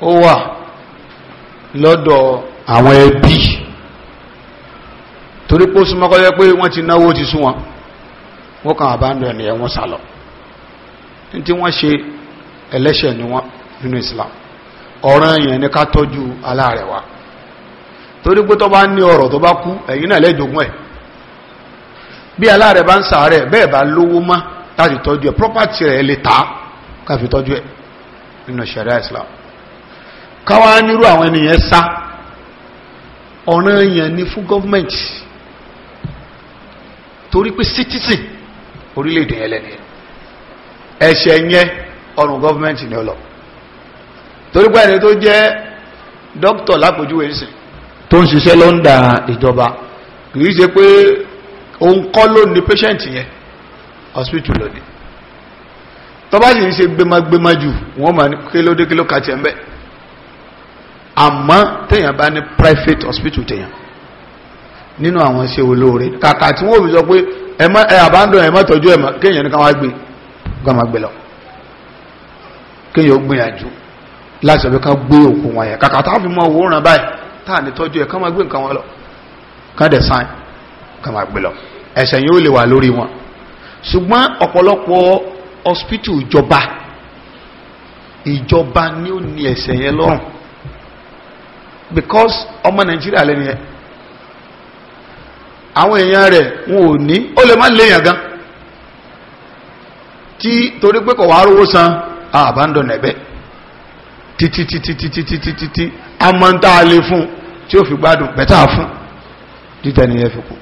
ó wà lọ́dọ̀ àwọn ẹbí torí pé ó súnmọ́ kọ́ jẹ́ pé wọ́n ti náwó ti sún wọ́n kàn àbáńdọ̀ ẹ̀nìyàn wọ́n sálọ ní tí wọ́n ṣe ẹlẹ́ṣẹ̀ ni wọ́n nínú Islam ọ̀ràn yẹn ni ká tọ́jú aláàrẹ̀ wa torí pé tó bá ní ọ̀rọ̀ tó bá kú ẹ̀yin náà lẹ́jọ̀gún ẹ̀ bí aláàrẹ̀ bá ń sàárẹ̀ bẹ́ẹ̀ bá lówó mọ́ láti tọ́jú ẹ̀ property rẹ̀ lè ta káfi tọ́jú ẹ̀ nínú sharia Islam káwá nírú àwọn ènìyàn sá ọ̀nà èèyàn ni fún gọ́ọ̀mẹ̀ntì torí pé citizen orílẹ̀-èdè yẹn lẹ́nu ẹ̀ṣẹ̀ yẹn ọrùn gọ́ọ̀mẹ̀ntì ni ó lọ torí pé ẹni tó jẹ́ dókítà lápòjúwe nísìn tó ń ṣiṣẹ́ ló ń da ìjọba kì í ṣe pé òun kọ́ ló ní yẹn hospital lónìí tọ́bá sì ń ṣe gbémagbémajù wọ́n máa ní kí ló ẹ̀ ń àmọ́ téèyàn bá ní private hospital téèyàn nínú àwọn iṣẹ́ olóore kàkà tí wọ́n fi sọ pé ẹ má ẹ abandon ẹ má tọ́jú ẹ má kéèyàn ní ká wá gbé ká má gbé lọ kéèyàn ó gbìyànjú láti ọ̀bẹ ká gbé òkú wọn yẹn kàkà tá a fi mọ owó ràn báyìí tá a ní tọ́jú ẹ ká má gbé lọ ká sáìn ká má lọ ẹ̀sẹ̀ yìí ó lè wà lórí wọn ṣùgbọ́n ọ̀pọ̀lọpọ̀ hospital ìjọba ìjọba ni ó ní ẹ̀sẹ̀ yẹn lọ́rùn because ọmọ nàìjíríà lẹ́ni ẹ̀ àwọn èèyàn rẹ̀ wọn ò ní ó lè má léèyàn gan tí torí pé kò wá rówó san àbándọ̀nà ẹ̀bẹ̀ títítítítítítítítí a máa ń tá a lè fún tí ó fi gbádùn bẹ́tà fún títẹ̀ ní ẹ̀fẹ̀ kù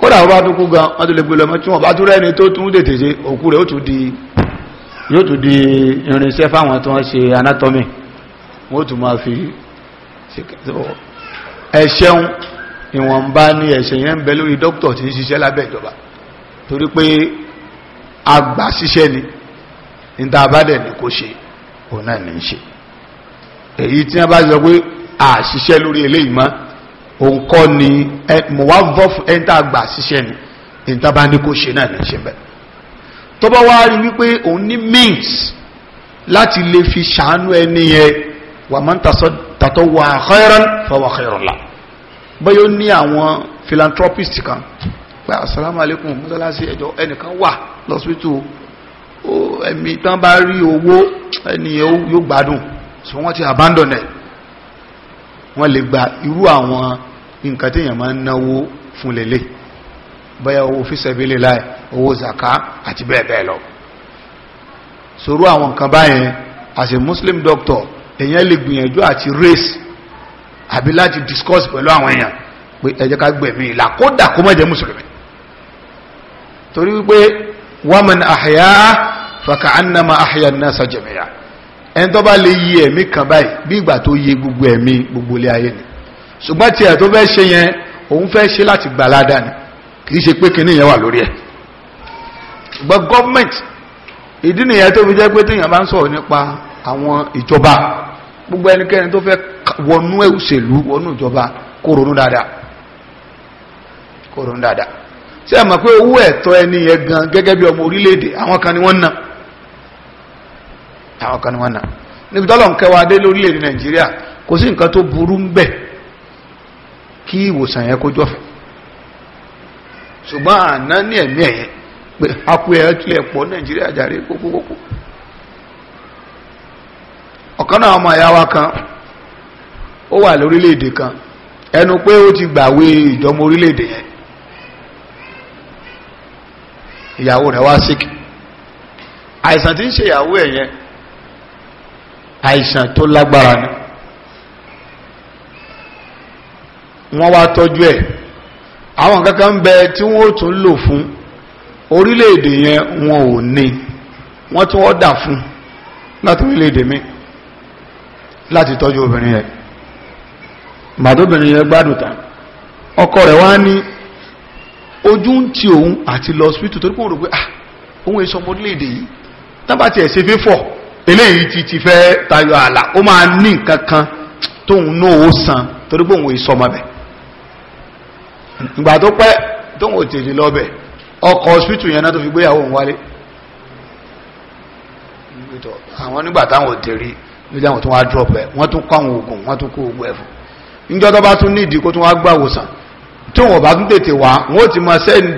kódà wọ́n bá tún kú gan wọ́n tún lè gbé lọ́mọ tí wọ́n bá tún rẹ́ni tó tún tètè ṣe òkú rẹ̀ yóò tún di irinṣẹ́ fáwọn tí wọ́n ṣe anatomy wọ́n tún máa fi ẹ̀ṣẹ̀un ìwọ̀nba ni ẹ̀ṣẹ̀ yẹn ń bẹ lórí dókítọ̀ tí ń ṣiṣẹ́ lábẹ́ ìjọba torí pé àgbà ṣiṣẹ́ ni níta àbádẹ̀ ni kò ṣe òun náà ní í ṣe èyí tí wọ́n bá sọ pé àṣiṣẹ́ lórí eléyìí mọ́ òun kọ́ ni mọ̀ wá vọ́ fún àgbà ṣiṣẹ́ ni níta bá ní kò ṣe náà ní ṣe bẹ́ẹ̀ tó wá rí wípé òun ní means láti lè fi ṣàánú ẹni yẹn wà man tatawwa khairan fahuwa khairun lahu bóyá ó ní àwọn philanthropist kan pé assalamu alaikum mọ́sálásí ẹjọ́ ẹnìkan wà lọ́sítù ẹ̀mí tán bá rí owó ẹnìyàn yóò gbádùn so wọ́n ti abandon ẹ̀ wọ́n lè gba irú àwọn nǹkan tí èèyàn máa ń náwó fún lélẹ̀ bóyá owó fíṣẹ̀bílẹ̀ láì owó zaka àti bẹ́ẹ̀ bẹ́ẹ̀ lọ sòrò àwọn nǹkan báyẹn as a muslim doctor èyàn lè gbìyànjú àti race àbí láti discuss pẹ̀lú àwọn èèyàn pé ẹ jẹ́ ká gbẹ̀mí ìlà kódà kó má jẹ́ mùsùlùmí torí wípé waman àhìyá fàkà annama àhìyá nasa jami'a ẹni tó bá lè yí ẹ̀mí kan báyìí bí ìgbà tó yí gbogbo ẹ̀mí gbogbo ilé ayé ni ṣùgbọ́n tí ẹ̀ tó fẹ́ ṣe yẹn òun fẹ́ ṣe láti gbà ládàá ni kìí ṣe pé kíní wà lórí ẹ̀ ṣùgbọ́n gọ́ọ̀mẹ̀ntì ìdí nìyẹn tó fi jẹ́ pé téèyàn bá ń sọ̀rọ̀ nípa àwọn ìjọba gbogbo ẹnikẹ́ni tó fẹ́ wọnú òṣèlú wọnú ìjọba kó ronú dáadáa kó ronú dáadáa ṣé mọ̀ pé owó ẹ̀tọ́ ẹni yẹn gẹ́gẹ́ bí ọmọ orílẹ̀-èdè àwọn kan ni wọ́n na àwọn kan ni wọ́n níbi tọ́lọ̀ ń kẹwàá dé lórílẹ̀-èdè nàìjíríà kò sí nǹkan tó burú ń bẹ̀ kí ìwòsàn yẹn kó jọ́fẹ̀ ṣùgbọ́n àná ní ẹ̀mí ọ̀kan náà ọmọ ìyá kan ó wà lórílẹ̀-èdè kan ẹnu pé ó ti gbàwé ìjọmọ orílẹ̀-èdè yẹn ìyàwó rẹ̀ wá síkì àìsàn tí ń ṣe ìyàwó ẹ̀ yẹn àìsàn tó lágbára ni wọ́n wá tọ́jú ẹ̀ àwọn kankan ń bẹ tí wọ́n ó tún lò fún orílẹ̀-èdè yẹn wọn ò ní wọ́n tún wọ́n dà fún láti orílẹ̀-èdè mi láti tọ́jú obìnrin ẹ̀ màdóbìnrin obìnrin gbádùn tán ọkọ rẹ̀ wá ní ojú ń òun àti lọ hospital tó pọ́n rò ohun ah, èso òun èso yìí tábà eléyìí ti ti fẹ́ tayọ àlà ó máa ní tóun náà san torí èso fi nílẹ̀ àwọn tó wá drop ẹ wọ́n tún kọ́ àwọn oògùn wọ́n tún kó oògùn ẹ̀fọ́ níjọ́ tó bá tún ní ìdí kó send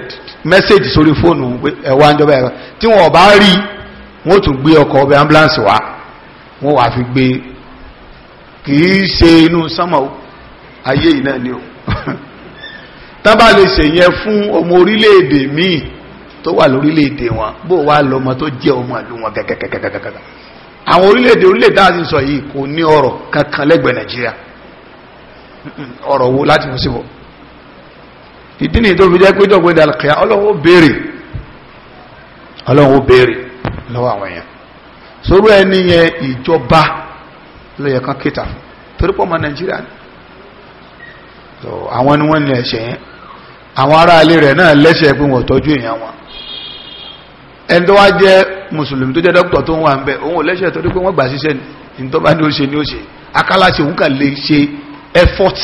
message sórí fóònù ẹ̀rọ tí wọ́n bá rí wọ́n tún gbé ambulance wá wọ́n wá fi gbé kì í ṣe inú sánmà ayé yìí náà fún ọmọ orílẹ̀-èdè míì tó wà lórílẹ̀-èdè wọn bó lọ́mọ tó jẹ́ ọmọ àwọn orílẹ̀-èdè orílẹ̀-èdè àti sọ yìí kò ní ọ̀rọ̀ kankan lẹ́gbẹ̀ẹ́ nàìjíríà ọ̀rọ̀ wo láti mú síbọ̀ ìdí nìyí tó fi jẹ́ pé dọ̀gbẹ́ dàlùkìá ọlọ́run ó béèrè ọlọ́run ó béèrè lọ́wọ́ àwọn èèyàn sórú ẹni yẹn ìjọba ló yẹ kán kéta fún ẹni tó wá jẹ́ mùsùlùmí tó jẹ́ dókítà tó ń wà ń bẹ òun ò lẹ́sẹ̀ tó dé pé wọ́n gbà síṣẹ́ ní tó bá ní ó ṣe ní ó ṣe akálàṣe òun kà lè ṣe effort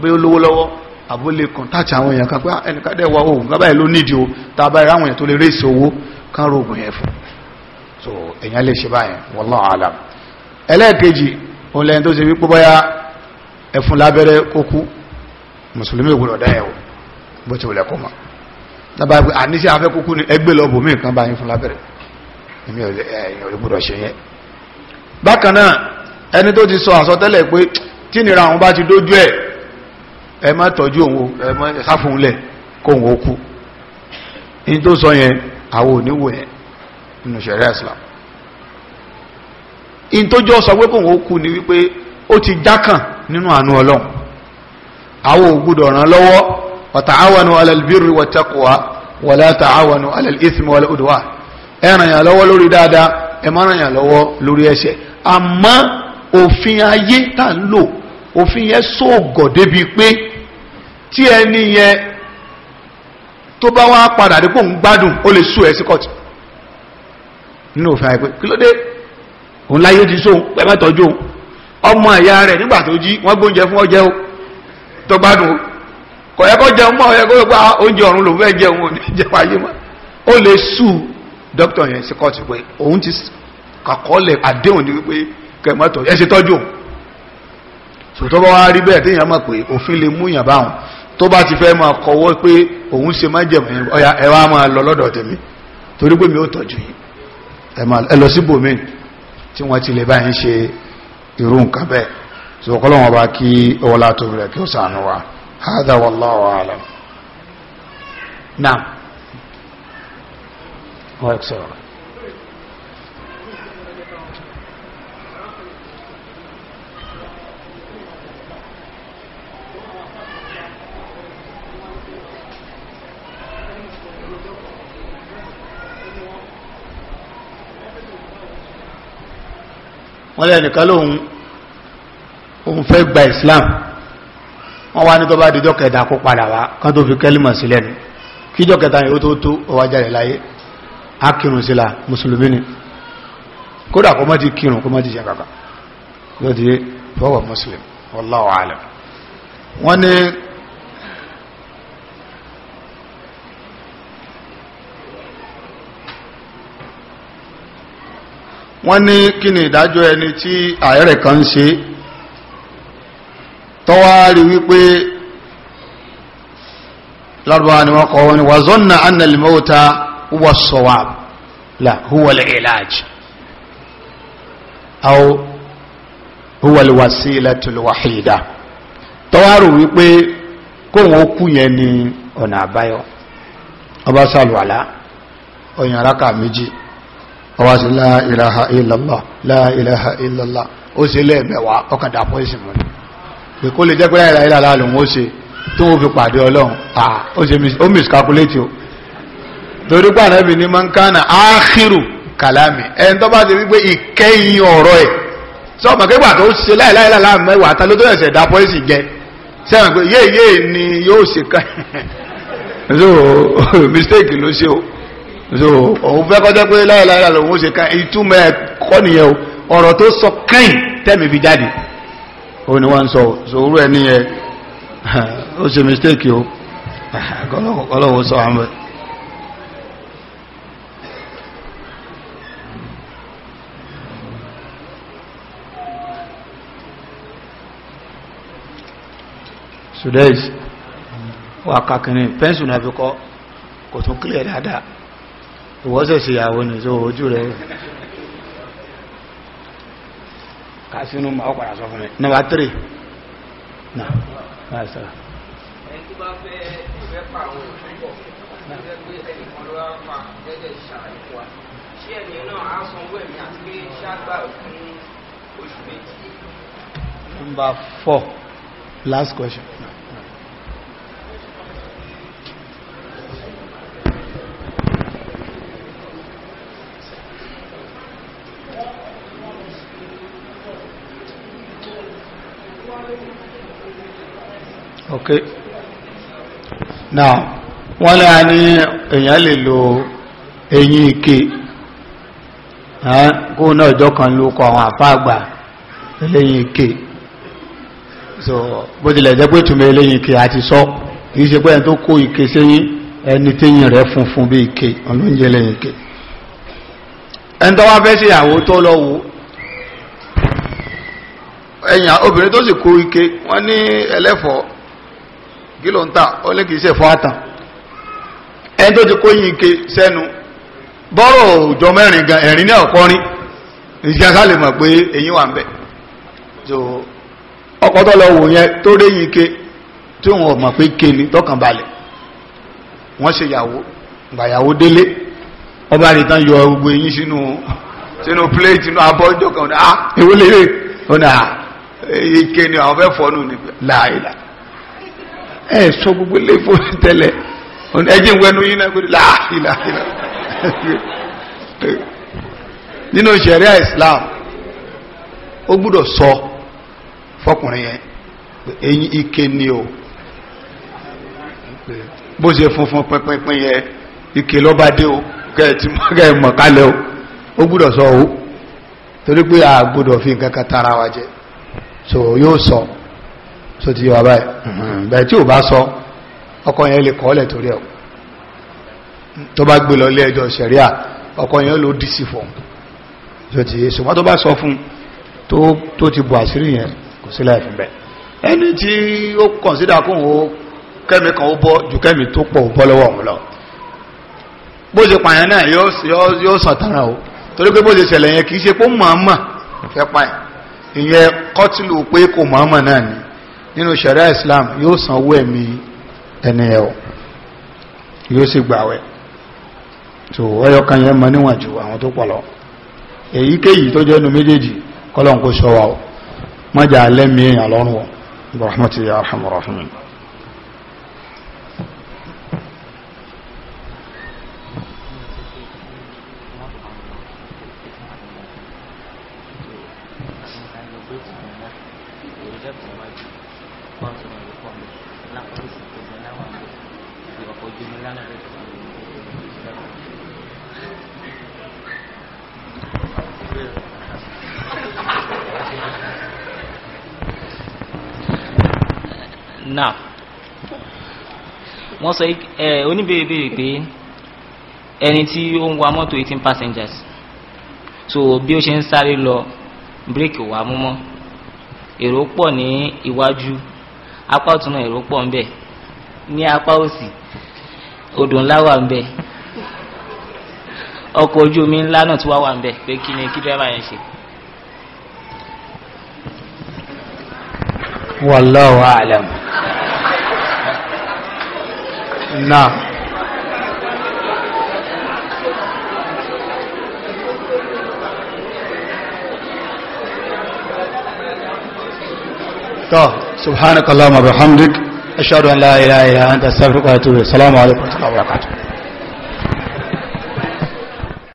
bí ó lówó lọ́wọ́ àwọn èèyàn kan pé ah, ẹnìkádẹ́ wa òun gábà ẹ̀ ló nídìí o tá a bá ra àwọn èèyàn tó lè owó ro ogun yẹn fún so èèyàn lè ṣe báyẹn alam tàbí àníṣẹ́ afẹ́kúkú ní ẹgbẹ́ lọ bòmí nǹkan bá yín fún lábẹ́rẹ́ èmi ẹ̀yìn orí gbọ́dọ̀ ṣe yẹn bákan náà ẹni tó ti sọ àsọtẹ́lẹ̀ pé tí nira àwọn bá ti dójú ẹ̀ ẹ má tọ́jú òun ẹ má sáfúnlẹ̀ kó òun kó ni wípé ó ti jákàn nínú wàtàáwọnù alàlbírì wàtàkùwà wàlá tàáwọnù alàlìsìmù wàlúdùwà ẹran yàn lọ́wọ́ lórí dáadáa ẹ má ràn yàn lọ́wọ́ lórí ẹ̀ṣẹ̀ àmọ́ òfin ayé tá ń lò òfin yẹn sóògọ̀ débi pé tí ẹni yẹn tó bá wá padà dípò ń gbádùn ó lè sú ẹ sí kọ́ọ̀tù nínú òfin ayé kí ló dé òun láyé ti sóhun pẹ̀mẹ́tọ́jú ọmọ ìyá rẹ̀ nígbà tó jí wọ́n gbóúnjẹ fún ọjẹ́ tó gbádùn kò yẹ kó jẹun mọ́ ọ̀yẹ́ kó ló gba oúnjẹ ọ̀run lòún fẹ́ jẹun òní jẹun ayé sù dókítà yẹn sí kóòtù pé òun ti kàkọ́lẹ̀ àdéhùn ni wípé kẹmọ́tò ẹ ṣe tọ́jú òun sòtọ́ bá wá rí bẹ́ẹ̀ téèyàn mọ̀ pé òfin lè mú yàn báwọn tó bá ti fẹ́ máa kọ́wọ́ pé òun ṣe má jẹ̀mọ̀ yẹn ọ̀yà ẹ wá máa lọ lọ́dọ̀ tèmi mi ò tọ́jú yín ẹ lọ sí bòmíì tí wọ́n ti lè bá yín wa. هذا والله أعلم نعم الله ويكسر ولذلك قالوا هم فيك باسلام wọ́n wá ní tó bá dìjọ́ kẹta kó padà wá kán tó fi kẹ́lìmọ̀ sí lẹ́nu kíjọ́ kẹta yóò tó tó ọwá jáde láyé a kírun sílá mùsùlùmí ni kódà kó mọ́ ti kírun kó mọ́ ti ṣàkàkà ló ti fọwọ́ wọ́n ní wọ́n ní kí ni ìdájọ́ ẹni tí àárẹ̀ kan ṣe tọ́wá rí wípé lọ́rọ̀bá ni wọ́n kọ́ wọn wà zọ́nà annalmọ́ta wà sọ́wà la huwal ilaj au huwal wasilatul wahida tọ́wá rí wípé kóhun ó kú yẹn ni ọ̀nà àbáyọ ọba sàlùwàlá ọ̀yàn rákà méjì ọwá sí la ilaha illallah la ilaha illallah ó sì lẹ́ẹ̀mẹ́wàá ọkàdà pọ́ìsì mọ́ pé kó lè jẹ́ pé láìláì lálá lòun ó ṣe tí wọ́n fi pàdé ọlọ́run ah ó ṣe ó miscalculate o torí pé ànábì ní máa ń kánà áàkìrù kàlámì ẹni tó bá ti wípé ìkẹyìn ọ̀rọ̀ ẹ̀ sọ́ọ̀mọ̀ kégbà tó ṣe láìláì lálá mẹ́wàá ta ló tó ẹ̀sẹ̀ dá pọ́ìsì jẹ sẹ́wọ̀n pé yéè yéè ni yóò ṣe ká so mistake ló ṣe o so òun fẹ́ kọ́jọ́ pé láìláì lálá lòun ó ṣe ká ìtumọ̀ ẹ̀kọ́ nìyẹn o ọ̀rọ̀ tó sọ kẹ́yìn tẹ́mi fi jáde òun ni wọ́n ń sọ sòwúrú ẹ̀ ní ẹ ó ṣe mistake o ọlọ́wọ́ sọ àwọn sudais wà kàkiri pẹ́nsù náà fi kọ́ kò tún kílẹ̀ dáadáa ìwọ́sẹ̀ sí ìyàwó ní ìṣòwò ojú rẹ̀ ká sínú ma ọ padà sọ fún mi nọmba tírì nà máa sọ. ẹni bá fẹ́ ìfẹ́ pa àwọn òṣèlú pọ̀ láti pé ẹnìkan ló wá pa gẹ́gẹ́ ṣàlàyé fún wa ṣé ẹni náà á sanwó ẹ̀mí àti pé ṣáàgbà fún oṣù méjì. nọmba four last question. ok now wọ́n lè ní èèyàn lè lo eyín ike kó náà ìjọ kan ló kọ àwọn àfá àgbà ike so bó tilẹ̀ jẹ́ pé túnmọ̀ eléyìn ike àti sọ kìí ṣe pé ẹni tó kó ike séyìn ẹni téyìn rẹ̀ funfun bí ike ọlọ́njẹ́ eléyìn ike ẹni tó wá fẹ́ sí ìyàwó tó lọ wò ẹ̀yìn obìnrin tó sì kó ike wọ́n ní ẹlẹ́fọ̀ọ́ kí ló ń ta ó lé kìí ṣe fún àtàn ẹni tó ti kó yín ike sẹ́nu bọ́rọ̀ òjò mẹ́rin gan ẹ̀rin ní ọ̀kọ́rin ìṣẹ́ká lè mọ̀ pé èyí wà ń bẹ̀ so ọkọ̀ tó lọ wò yẹn tó rí yín ike tí wọn mọ̀ pé ké ni tọkàn balẹ̀ wọ́n ṣe yàwó gbàyàwó délé ọba rẹ̀ tán yọ gbogbo eyín sínú sínú plate inú abọ́jọ́ kan ah ewúlẹ̀ yìí ó ní à ah, ike ni àwọn fẹ́ fọ́nù nígbà láàyè láàyè ẹ sọ gbogbo ilé ìfowópamọ́ tẹ́lẹ̀ ẹjẹ ìwẹ́nu yín náà kò láàfilà nínú ṣẹ̀ríà Islam ó gbúdọ̀ sọ fọkùnrin yẹn eyín ike ni o bó ṣe funfun pínpín yẹn ike lọ́ba dé o kẹ́ẹ̀tì mọ̀ kálẹ̀ o ó gbúdọ̀ sọ o torí pé a gbúdọ̀ fi nǹkan kan tara wa jẹ so yóò sọ. So, so ti wà báyìí bẹ́ẹ̀ tí ò bá sọ ọkọ yẹn lè kọ́ọ́lẹ̀ torí ẹ̀ tó bá gbé lọ ilé ẹjọ́ ṣẹ̀ríà ọkọ yẹn ló dì sí fún so ti yé ṣùgbọ́n tó bá sọ fún tó ti bu àṣírí yẹn kò sí láì fún bẹ́ẹ̀ ẹni tí ó kọ̀nsídà kóhùn ó kẹ́mi kan ó bọ́ ju kẹ́mi tó pọ̀ ó bọ́ lọ́wọ́ òun lọ bó ṣe pààyàn náà yóò sàtàrà o torí pé bó ṣe ṣẹlẹ̀ yẹn kì í ṣe pé ó mọ̀ọ́mọ̀ fẹ́ pààyàn ìyẹn pé kò mọ̀ọ́mọ̀ náà ni nínú sharia islam yóò sanwó ẹ̀mí ẹni ẹ̀ o yóò sì gbàwẹ̀ tó ọyọ kan yẹn mọ níwọ̀n ju àwọn tó pọ̀ lọ èyíkéyìí tó jẹ́ inú méjèèjì kọ́lọ̀ ń kó sọ wa o má jà lẹ́mìí èèyàn lọ́rùn o rahmatulahi arhamar rahimin. wọ́n sọ ẹ oníbèrèbèrè pé ẹni tí ó ń wa mọ́tò eighteen passengers so bí ó ṣe ń sáré lọ bíréèkì wà mú mọ́ èrò pọ̀ ní iwájú apá ọ̀tún náà èrò pọ̀ ń bẹ ní apá òsì odò ńlá wà ń bẹ ọkọ̀ ojú omi ńlá náà tún wá wà ń bẹ pé kí ni kí dẹ́rẹ́bà yẹn ṣe. wallahu a'lam. نعم طه سبحانك اللهم وبحمدك أشهد أن لا إله إلا أنت أستغفرك وأتوب السلام عليكم ورحمة الله وبركاته